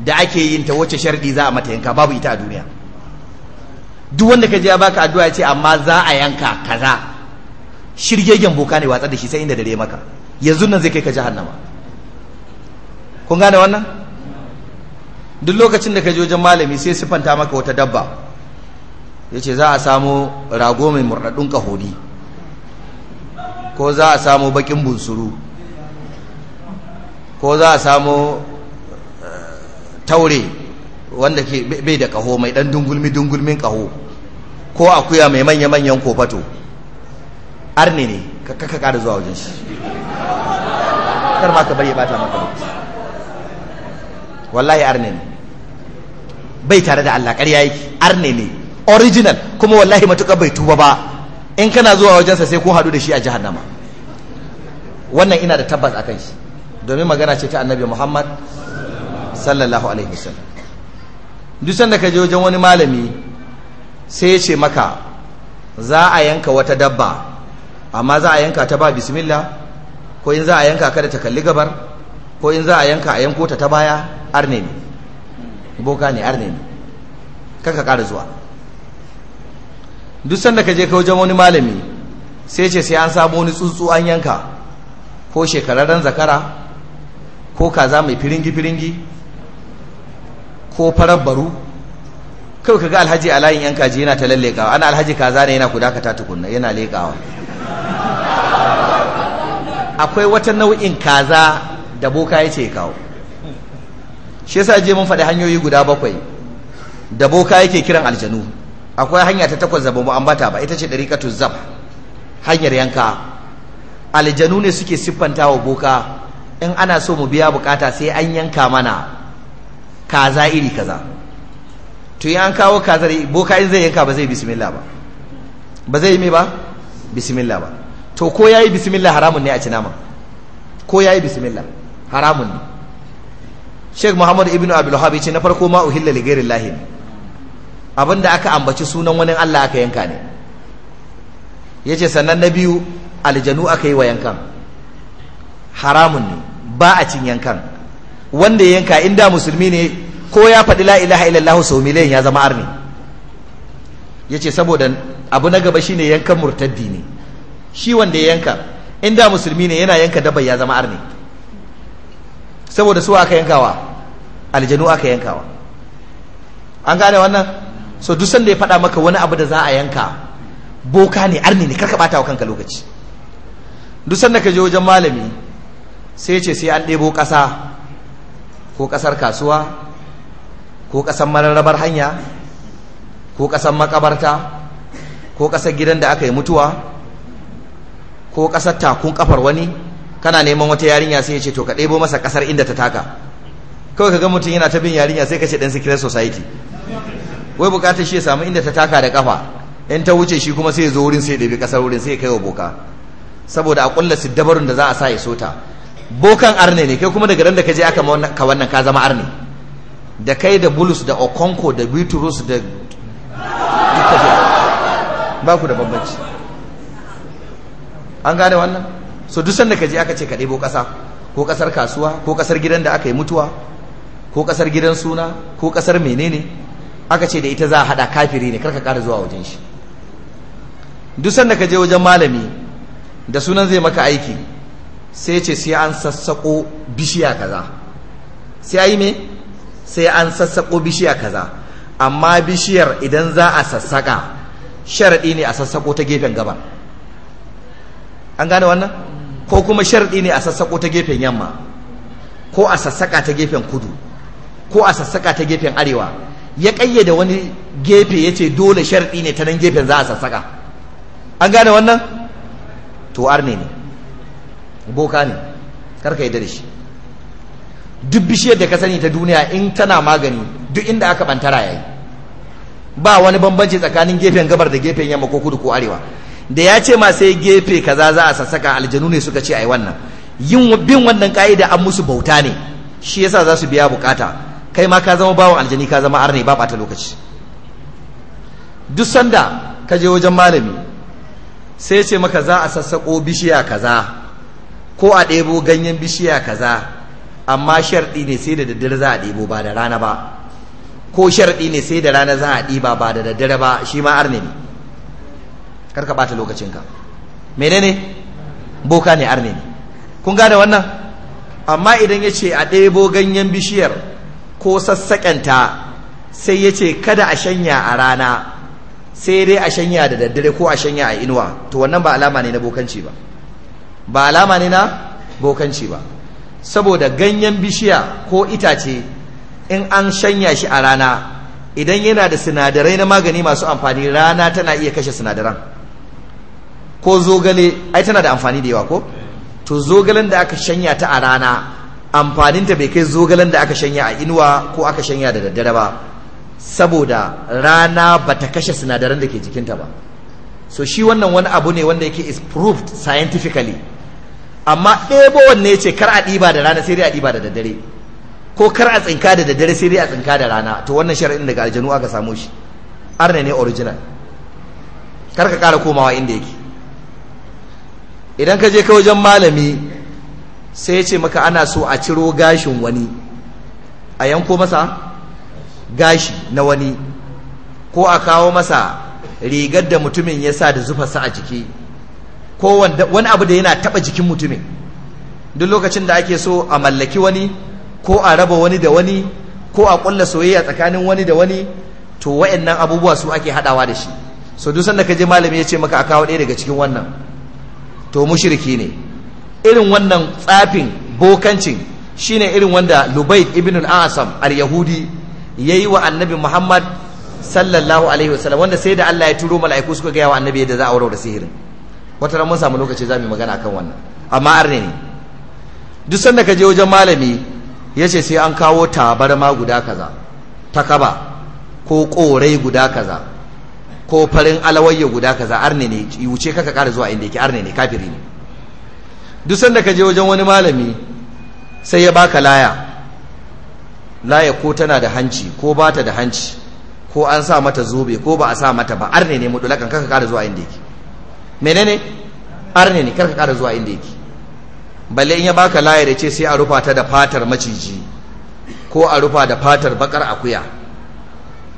da ake yin ta wacce sharɗi za a mata yanka babu ita a duniya duk wanda ka je ya baka addu'a ce amma za a yanka kaza shirgegen boka ne watsar da shi sai inda dare maka yanzu nan zai kai ka jahannama kun gane wannan duk lokacin da ka je wajen malami sai sifanta maka wata dabba ya ce za a samu rago mai murɗaɗɗun ƙahoni ko za a samu bakin bunsuru ko za a samu eh, taure wanda ke bai da kaho mai dan dungulmi dungulmin kaho ko akuya mai manya-manyan kofato arne ne kakaka kada zuwa wajen shi kar ma ka bari bata maka wallahi arne ne bai tare da Allah ƙarya yake arne ne original kuma wallahi matuƙa bai tuba ba in kana zuwa wajensa sai ko hadu da shi a jahannama wannan ina da tabbas akan shi domin magana ce ta annabi Muhammad sallallahu alaihi wasallam duk sanda ka je wajen wani malami sai ya ce maka za a yanka wata dabba amma za a yanka ta ba bismillah ko in za a yanka kada ta kalli gabar ko in za a yanka a yanko ta ta baya arne ne boka ne arne ne kanka ƙara zuwa duk sanda ka je ka wajen wani malami sai ce sai an samu wani tsuntsu an yanka ko shekararren zakara ko kaza mai firingi-firingi ko farar baru kawai ka ga alhaji a layin yanka ji yana ta lallekawa ana alhaji kaza ne yana ta tukunna yana lekawa akwai wata nau'in kaza da boka ya ce kawo shi yasa je mun faɗi hanyoyi guda bakwai da boka yake kiran aljanu akwai hanya ta takwas da ba mu ambata ba ita ce dariqatu zab hanyar yanka aljanu ne suke siffanta wa boka in ana so mu biya bukata sai an yanka mana kaza iri kaza to yi an kawo kazar boka in zai yanka ba zai bismillah ba ba zai yi mai ba bismillah ba to ko ya yi bismillah haramun ne a ci nama ko ya yi bismillah haramun ne Sheikh muhammadu ibn Abdul ce na farko ma uhilla li ghairi ne abinda aka ambaci sunan wani Allah aka yanka ne yace sannan na biyu aljanu aka yi wa yankan haramun ne ba a cin yankan wanda yanka inda musulmi ne ko ya faɗi la ilaha illallah sau miliyan ya zama arni yace saboda abu na gaba shi ne yankan murtaddi ne shi wanda ya yanka inda musulmi ne yana yanka dabar ya zama arni saboda su aka yankawa aljanu aka yankawa an gane wannan so duk sanda ya faɗa maka wani abu da za a yanka boka ne arni ne karka ɓata wa kanka lokaci duk sanda ka je wajen malami sai ce sai an ɗebo ƙasa ko ƙasar kasuwa ko ƙasar mararrabar hanya ko ƙasar makabarta ko ƙasar gidan da aka yi mutuwa ko ƙasar takun ƙafar wani kana neman wata yarinya sai ya ce to ka ɗebo masa ƙasar inda ta taka kawai ka ga mutum yana ta bin yarinya sai ka ce ɗan sikirar society wai bukatar shi ya samu inda ta taka da kafa in ta wuce shi kuma sai ya zo wurin sai ya ɗabi ƙasar wurin sai ya kai wa boka saboda a ƙulla siddabarun da za a sa ya sota bokan arne ne kai kuma daga ran da ka je aka ka wannan ka zama arne da kai da bulus da okonko da bitrus da ba ku da bambanci an gane wannan so duk sanda ka je aka ce ka ɗebo ƙasa ko ƙasar kasuwa ko ƙasar gidan da aka yi mutuwa ko ƙasar gidan suna ko ƙasar menene aka ce da ita za a hada kafiri ne karka ƙara zuwa wajen shi duk sanda ka je wajen malami da sunan zai maka aiki sai ce sai an sassako bishiya kaza sai ayi me sai an sassako bishiya kaza amma bishiyar idan za a sassaƙa, sharadi ne a sassako ta gefen gaba an gane wannan ko kuma sharadi ne a sassako ta gefen yamma ko a sassaƙa ta gefen kudu ko a sassaƙa ta gefen arewa ya ƙayyade wani gefe ya ce dole sharɗi ne ta nan gefen za a sassaƙa an gane wannan to arne ne boka ne karka yadda da shi duk bishiyar da ka sani ta duniya in tana magani duk inda aka ɓantara ya yi, ba wani bambanci tsakanin gefen gabar da gefen yamma ko kudu ko arewa da ya ce ma sai gefe kaza za a sassaka aljanu ne suka ce a yi wannan yin bin wannan ka'ida an musu bauta ne shi yasa za su biya bukata kai ma ka zama bawan aljani ka zama arne ba bata lokaci duk sanda ka je wajen malami sai ce maka za a sassako bishiya kaza ko a ɗebo ganyen bishiya kaza amma sharɗi ne sai da daddare za a ɗebo ba da rana ba ko sharɗi ne sai da rana za a ɗiba ba da daddare ba shi ma arne ne kar ka ɓata lokacinka menene boka ne arne ne kun gane wannan amma idan ya ce a ɗebo ganyen bishiyar ko sassaƙanta sai ya ce kada a shanya a rana sai dai a shanya da daddare ko a shanya a inuwa to wannan ba alama ne na bokanci ba ba alama ne na bokanci ba saboda ganyen bishiya ko itace in an shanya shi a rana idan yana da sinadarai na magani masu amfani rana tana iya kashe sinadaran ko zogale ai tana da amfani da yawa ko to zogalen da aka shanya ta a rana amfaninta bai kai zogalen da aka shanya a inuwa ko aka shanya da daddare ba saboda rana ba ta kashe sinadaran da ke jikinta ba so shi wannan wani abu ne wanda yake is proved scientifically amma ɗebo wanne ce kar a ɗiba da rana sai dai a ɗiba da daddare ko kar a tsinka da daddare sai dai a tsinka da rana to wannan shari'in daga aljanu aka samo shi arne ne original kar ka ƙara komawa inda yake idan ka je ka wajen malami sai ya ce maka ana so a ciro gashin wani a yanko masa gashi na wani ko a kawo masa rigar da mutumin ya sa da zufarsa a jiki ko wani abu da yana taba jikin mutumin duk lokacin da ake so a mallaki wani ko a raba wani da wani ko a ƙulla soyayya tsakanin wani da wani to nan abubuwa su ake hadawa da shi so duk sanda ka je malami ya ce maka a kawo ɗaya daga cikin wannan to mushriki ne irin wannan tsafin bokancin shine irin wanda lubaid ibn al-asam al-yahudi yayi wa annabi muhammad sallallahu alaihi wasallam wanda sai da Allah ya turo mala'iku suka gaya wa annabi yadda za a da sihirin wata ran mun samu lokaci za mu magana akan wannan amma arne ne duk sanda ka je wajen malami ya ce sai an kawo tabarma guda kaza ta kaba ko korai guda kaza ko farin alawayya guda kaza arne ne wuce kaka kara zuwa inda yake arne ne kafiri ne duk sanda ka je wajen wani malami sai ya baka laya laya ko tana da hanci ko ba ta da hanci ko an sa mata zobe ko ba a sa mata ba arne ne lakan karka kara zuwa inda yake menene arne ne karka kara zuwa inda yake balle in ya baka laya da ce sai a rufa ta da fatar maciji ko a rufa da fatar bakar akuya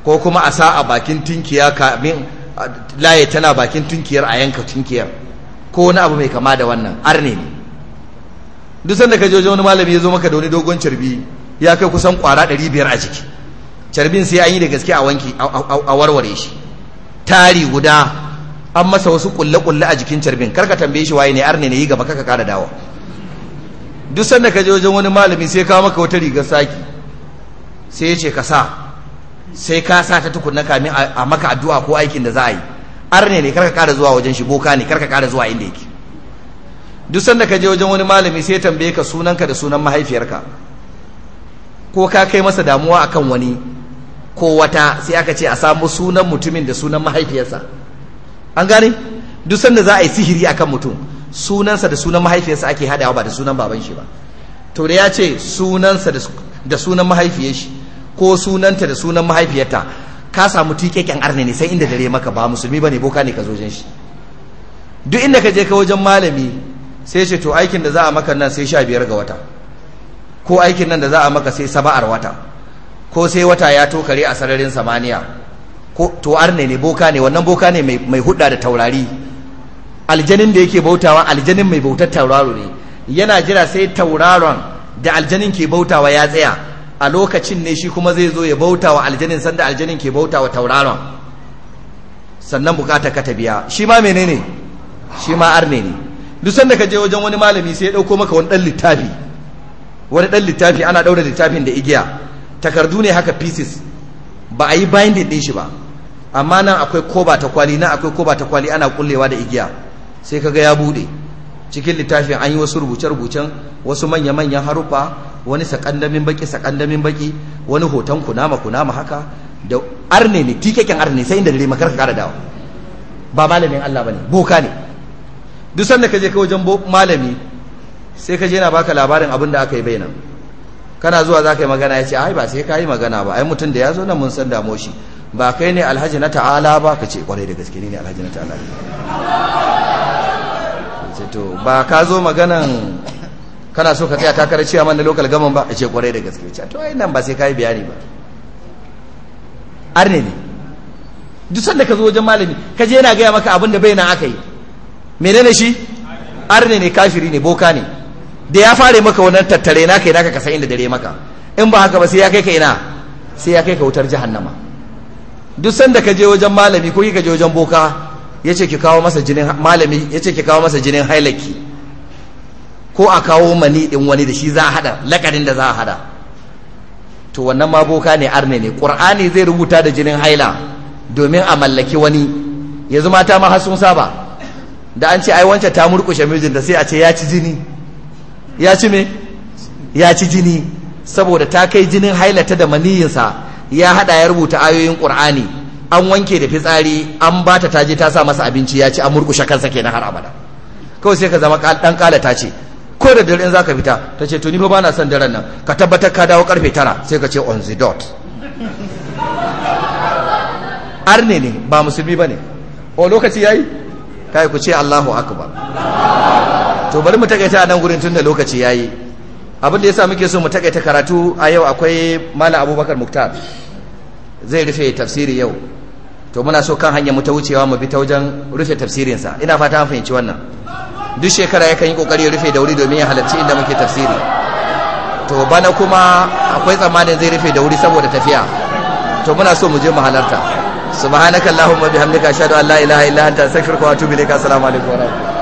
ko kuma a sa a bakin tunkiya kamin laye tana bakin tunkiyar a yanka tunkiyar ko wani abu mai kama da wannan arne ne duk sanda ka jojo wani malami ya zo maka da wani dogon carbi ya kai kusan kwara 500 a jiki carbin sai an yi da gaske a wanki a warware shi tari guda an masa wasu kulle-kulle a jikin carbin karka tambaye shi waye ne arne ne yi gaba kaka kara dawa duk sanda ka je wajen wani malami sai kawo maka wata rigar saki sai ya ce ka sa sai ka sa ta tukunna kamin a maka addu'a ko aikin da za a yi arne ne karka kara zuwa wajen shi boka ne karka kara zuwa inda yake duk sanda ka je wajen wani malami sai tambaye ka sunanka da sunan mahaifiyarka ko ka kai masa damuwa akan wani ko wata sai aka ce a samu sunan mutumin da sunan mahaifiyarsa an gane duk sanda za a yi sihiri akan mutum sunansa da sunan mahaifiyarsa ake hadawa ba da sunan baban shi ba to da ya ce sunansa da sunan mahaifiyar shi ko sunanta da sunan mahaifiyarta ka samu tiƙeƙen arne ne sai inda dare maka ba musulmi ba ne boka ne ka zo shi duk inda ka je ka wajen malami sai ce to aikin da za a maka nan sai sha biyar ga wata ko aikin nan da za a maka sai saba'ar wata ko sai wata ya tokare a sararin samaniya ko to arne ne boka ne wannan boka ne mai hudda da taurari aljanin da yake bautawa aljanin mai bautar tauraro ne yana jira sai tauraron da aljanin ke bautawa ya tsaya a lokacin ne shi kuma zai zo ya bautawa aljanin sanda aljanin ke bautawa tauraron sannan bukata ka ta biya shi ma menene shi ma arne ne duk sanda ka je wajen wani malami sai ya dauko maka wani dan littafi wani dan littafi ana daura littafin da igiya takardu ne haka pieces ba a yi binding din shi ba amma nan akwai koba ta kwali nan akwai koba ta kwali ana kullewa da igiya sai kaga ya bude cikin littafin an yi wasu rubuce-rubucen wasu manya-manyan haruffa wani sakandamin baki sakandamin baki wani hoton kunama kunama haka da arne ne tikekin arne sai inda dare ka kara dawa ba malamin Allah bane boka ne duk sanda ka je ka wajen malami sai ka je na baka labarin abin da aka yi bai nan kana zuwa za ka yi magana ya ce ai ba sai ka yi magana ba ai mutum da ya zo nan mun san damo shi ba kai ne alhaji na ta'ala ba ka ce kwarai da gaske ne alhaji na ta'ala to ba ka zo maganan kana so ka tsaya takarar ciya man da lokal gaman ba a ce kwarai da gaske ce to ai nan ba sai ka yi bayani ba arne ne duk sanda ka zo wajen malami ka je yana gaya maka abin da bai nan aka yi menene shi arne ne kafiri ne boka ne da ya fare maka wannan tattare naka kai ka kasa inda dare maka in ba haka ba sai ya kai ka ina sai ya kai ka wutar jahannama duk sanda ka je wajen malami ko ka je wajen boka ya ce ki kawo masa jinin malami ya ce ki kawo masa jinin hailaki ko a kawo mani din wani da shi za a hada lakarin da za a hada to wannan ma boka ne arne ne qur'ani zai rubuta da jinin haila domin a mallaki wani yanzu mata ma har sun saba da an ce ai wancan ta murkushe mijinta sai a ce ya ci jini ya ci me ya ci jini saboda ta kai jinin hailata da maniyinsa ya hada ya rubuta ayoyin qur'ani an wanke da fitsari an bata taje ta sa masa abinci ya ci an murkushe kansa kenan har abada kawai sai ka zama dan kala ta ce ko da dare in zaka fita ta ce to ni fa bana son daren nan ka tabbatar ka dawo karfe tara sai ka ce on the dot arne ne ba musulmi bane o lokaci yayi kai ku ce Allahu akbar to bari mu takaita nan gurin tunda lokaci yayi abin da yasa muke so mu takaita karatu a yau akwai malam Abubakar Muktar zai rufe tafsiri yau to muna so kan hanya mu ta wucewa mu bi ta wajen rufe tafsirin sa ina fata an fahimci wannan duk shekara yakan yi kokari ya rufe da wuri domin ya halarci inda muke tafsiri to bana kuma akwai tsammanin zai rufe da wuri saboda tafiya to muna so mu je mu halarta subhanakallahumma bihamdika ashhadu an la ilaha illa anta astaghfiruka wa atubu ilaik assalamu wa rahmatullahi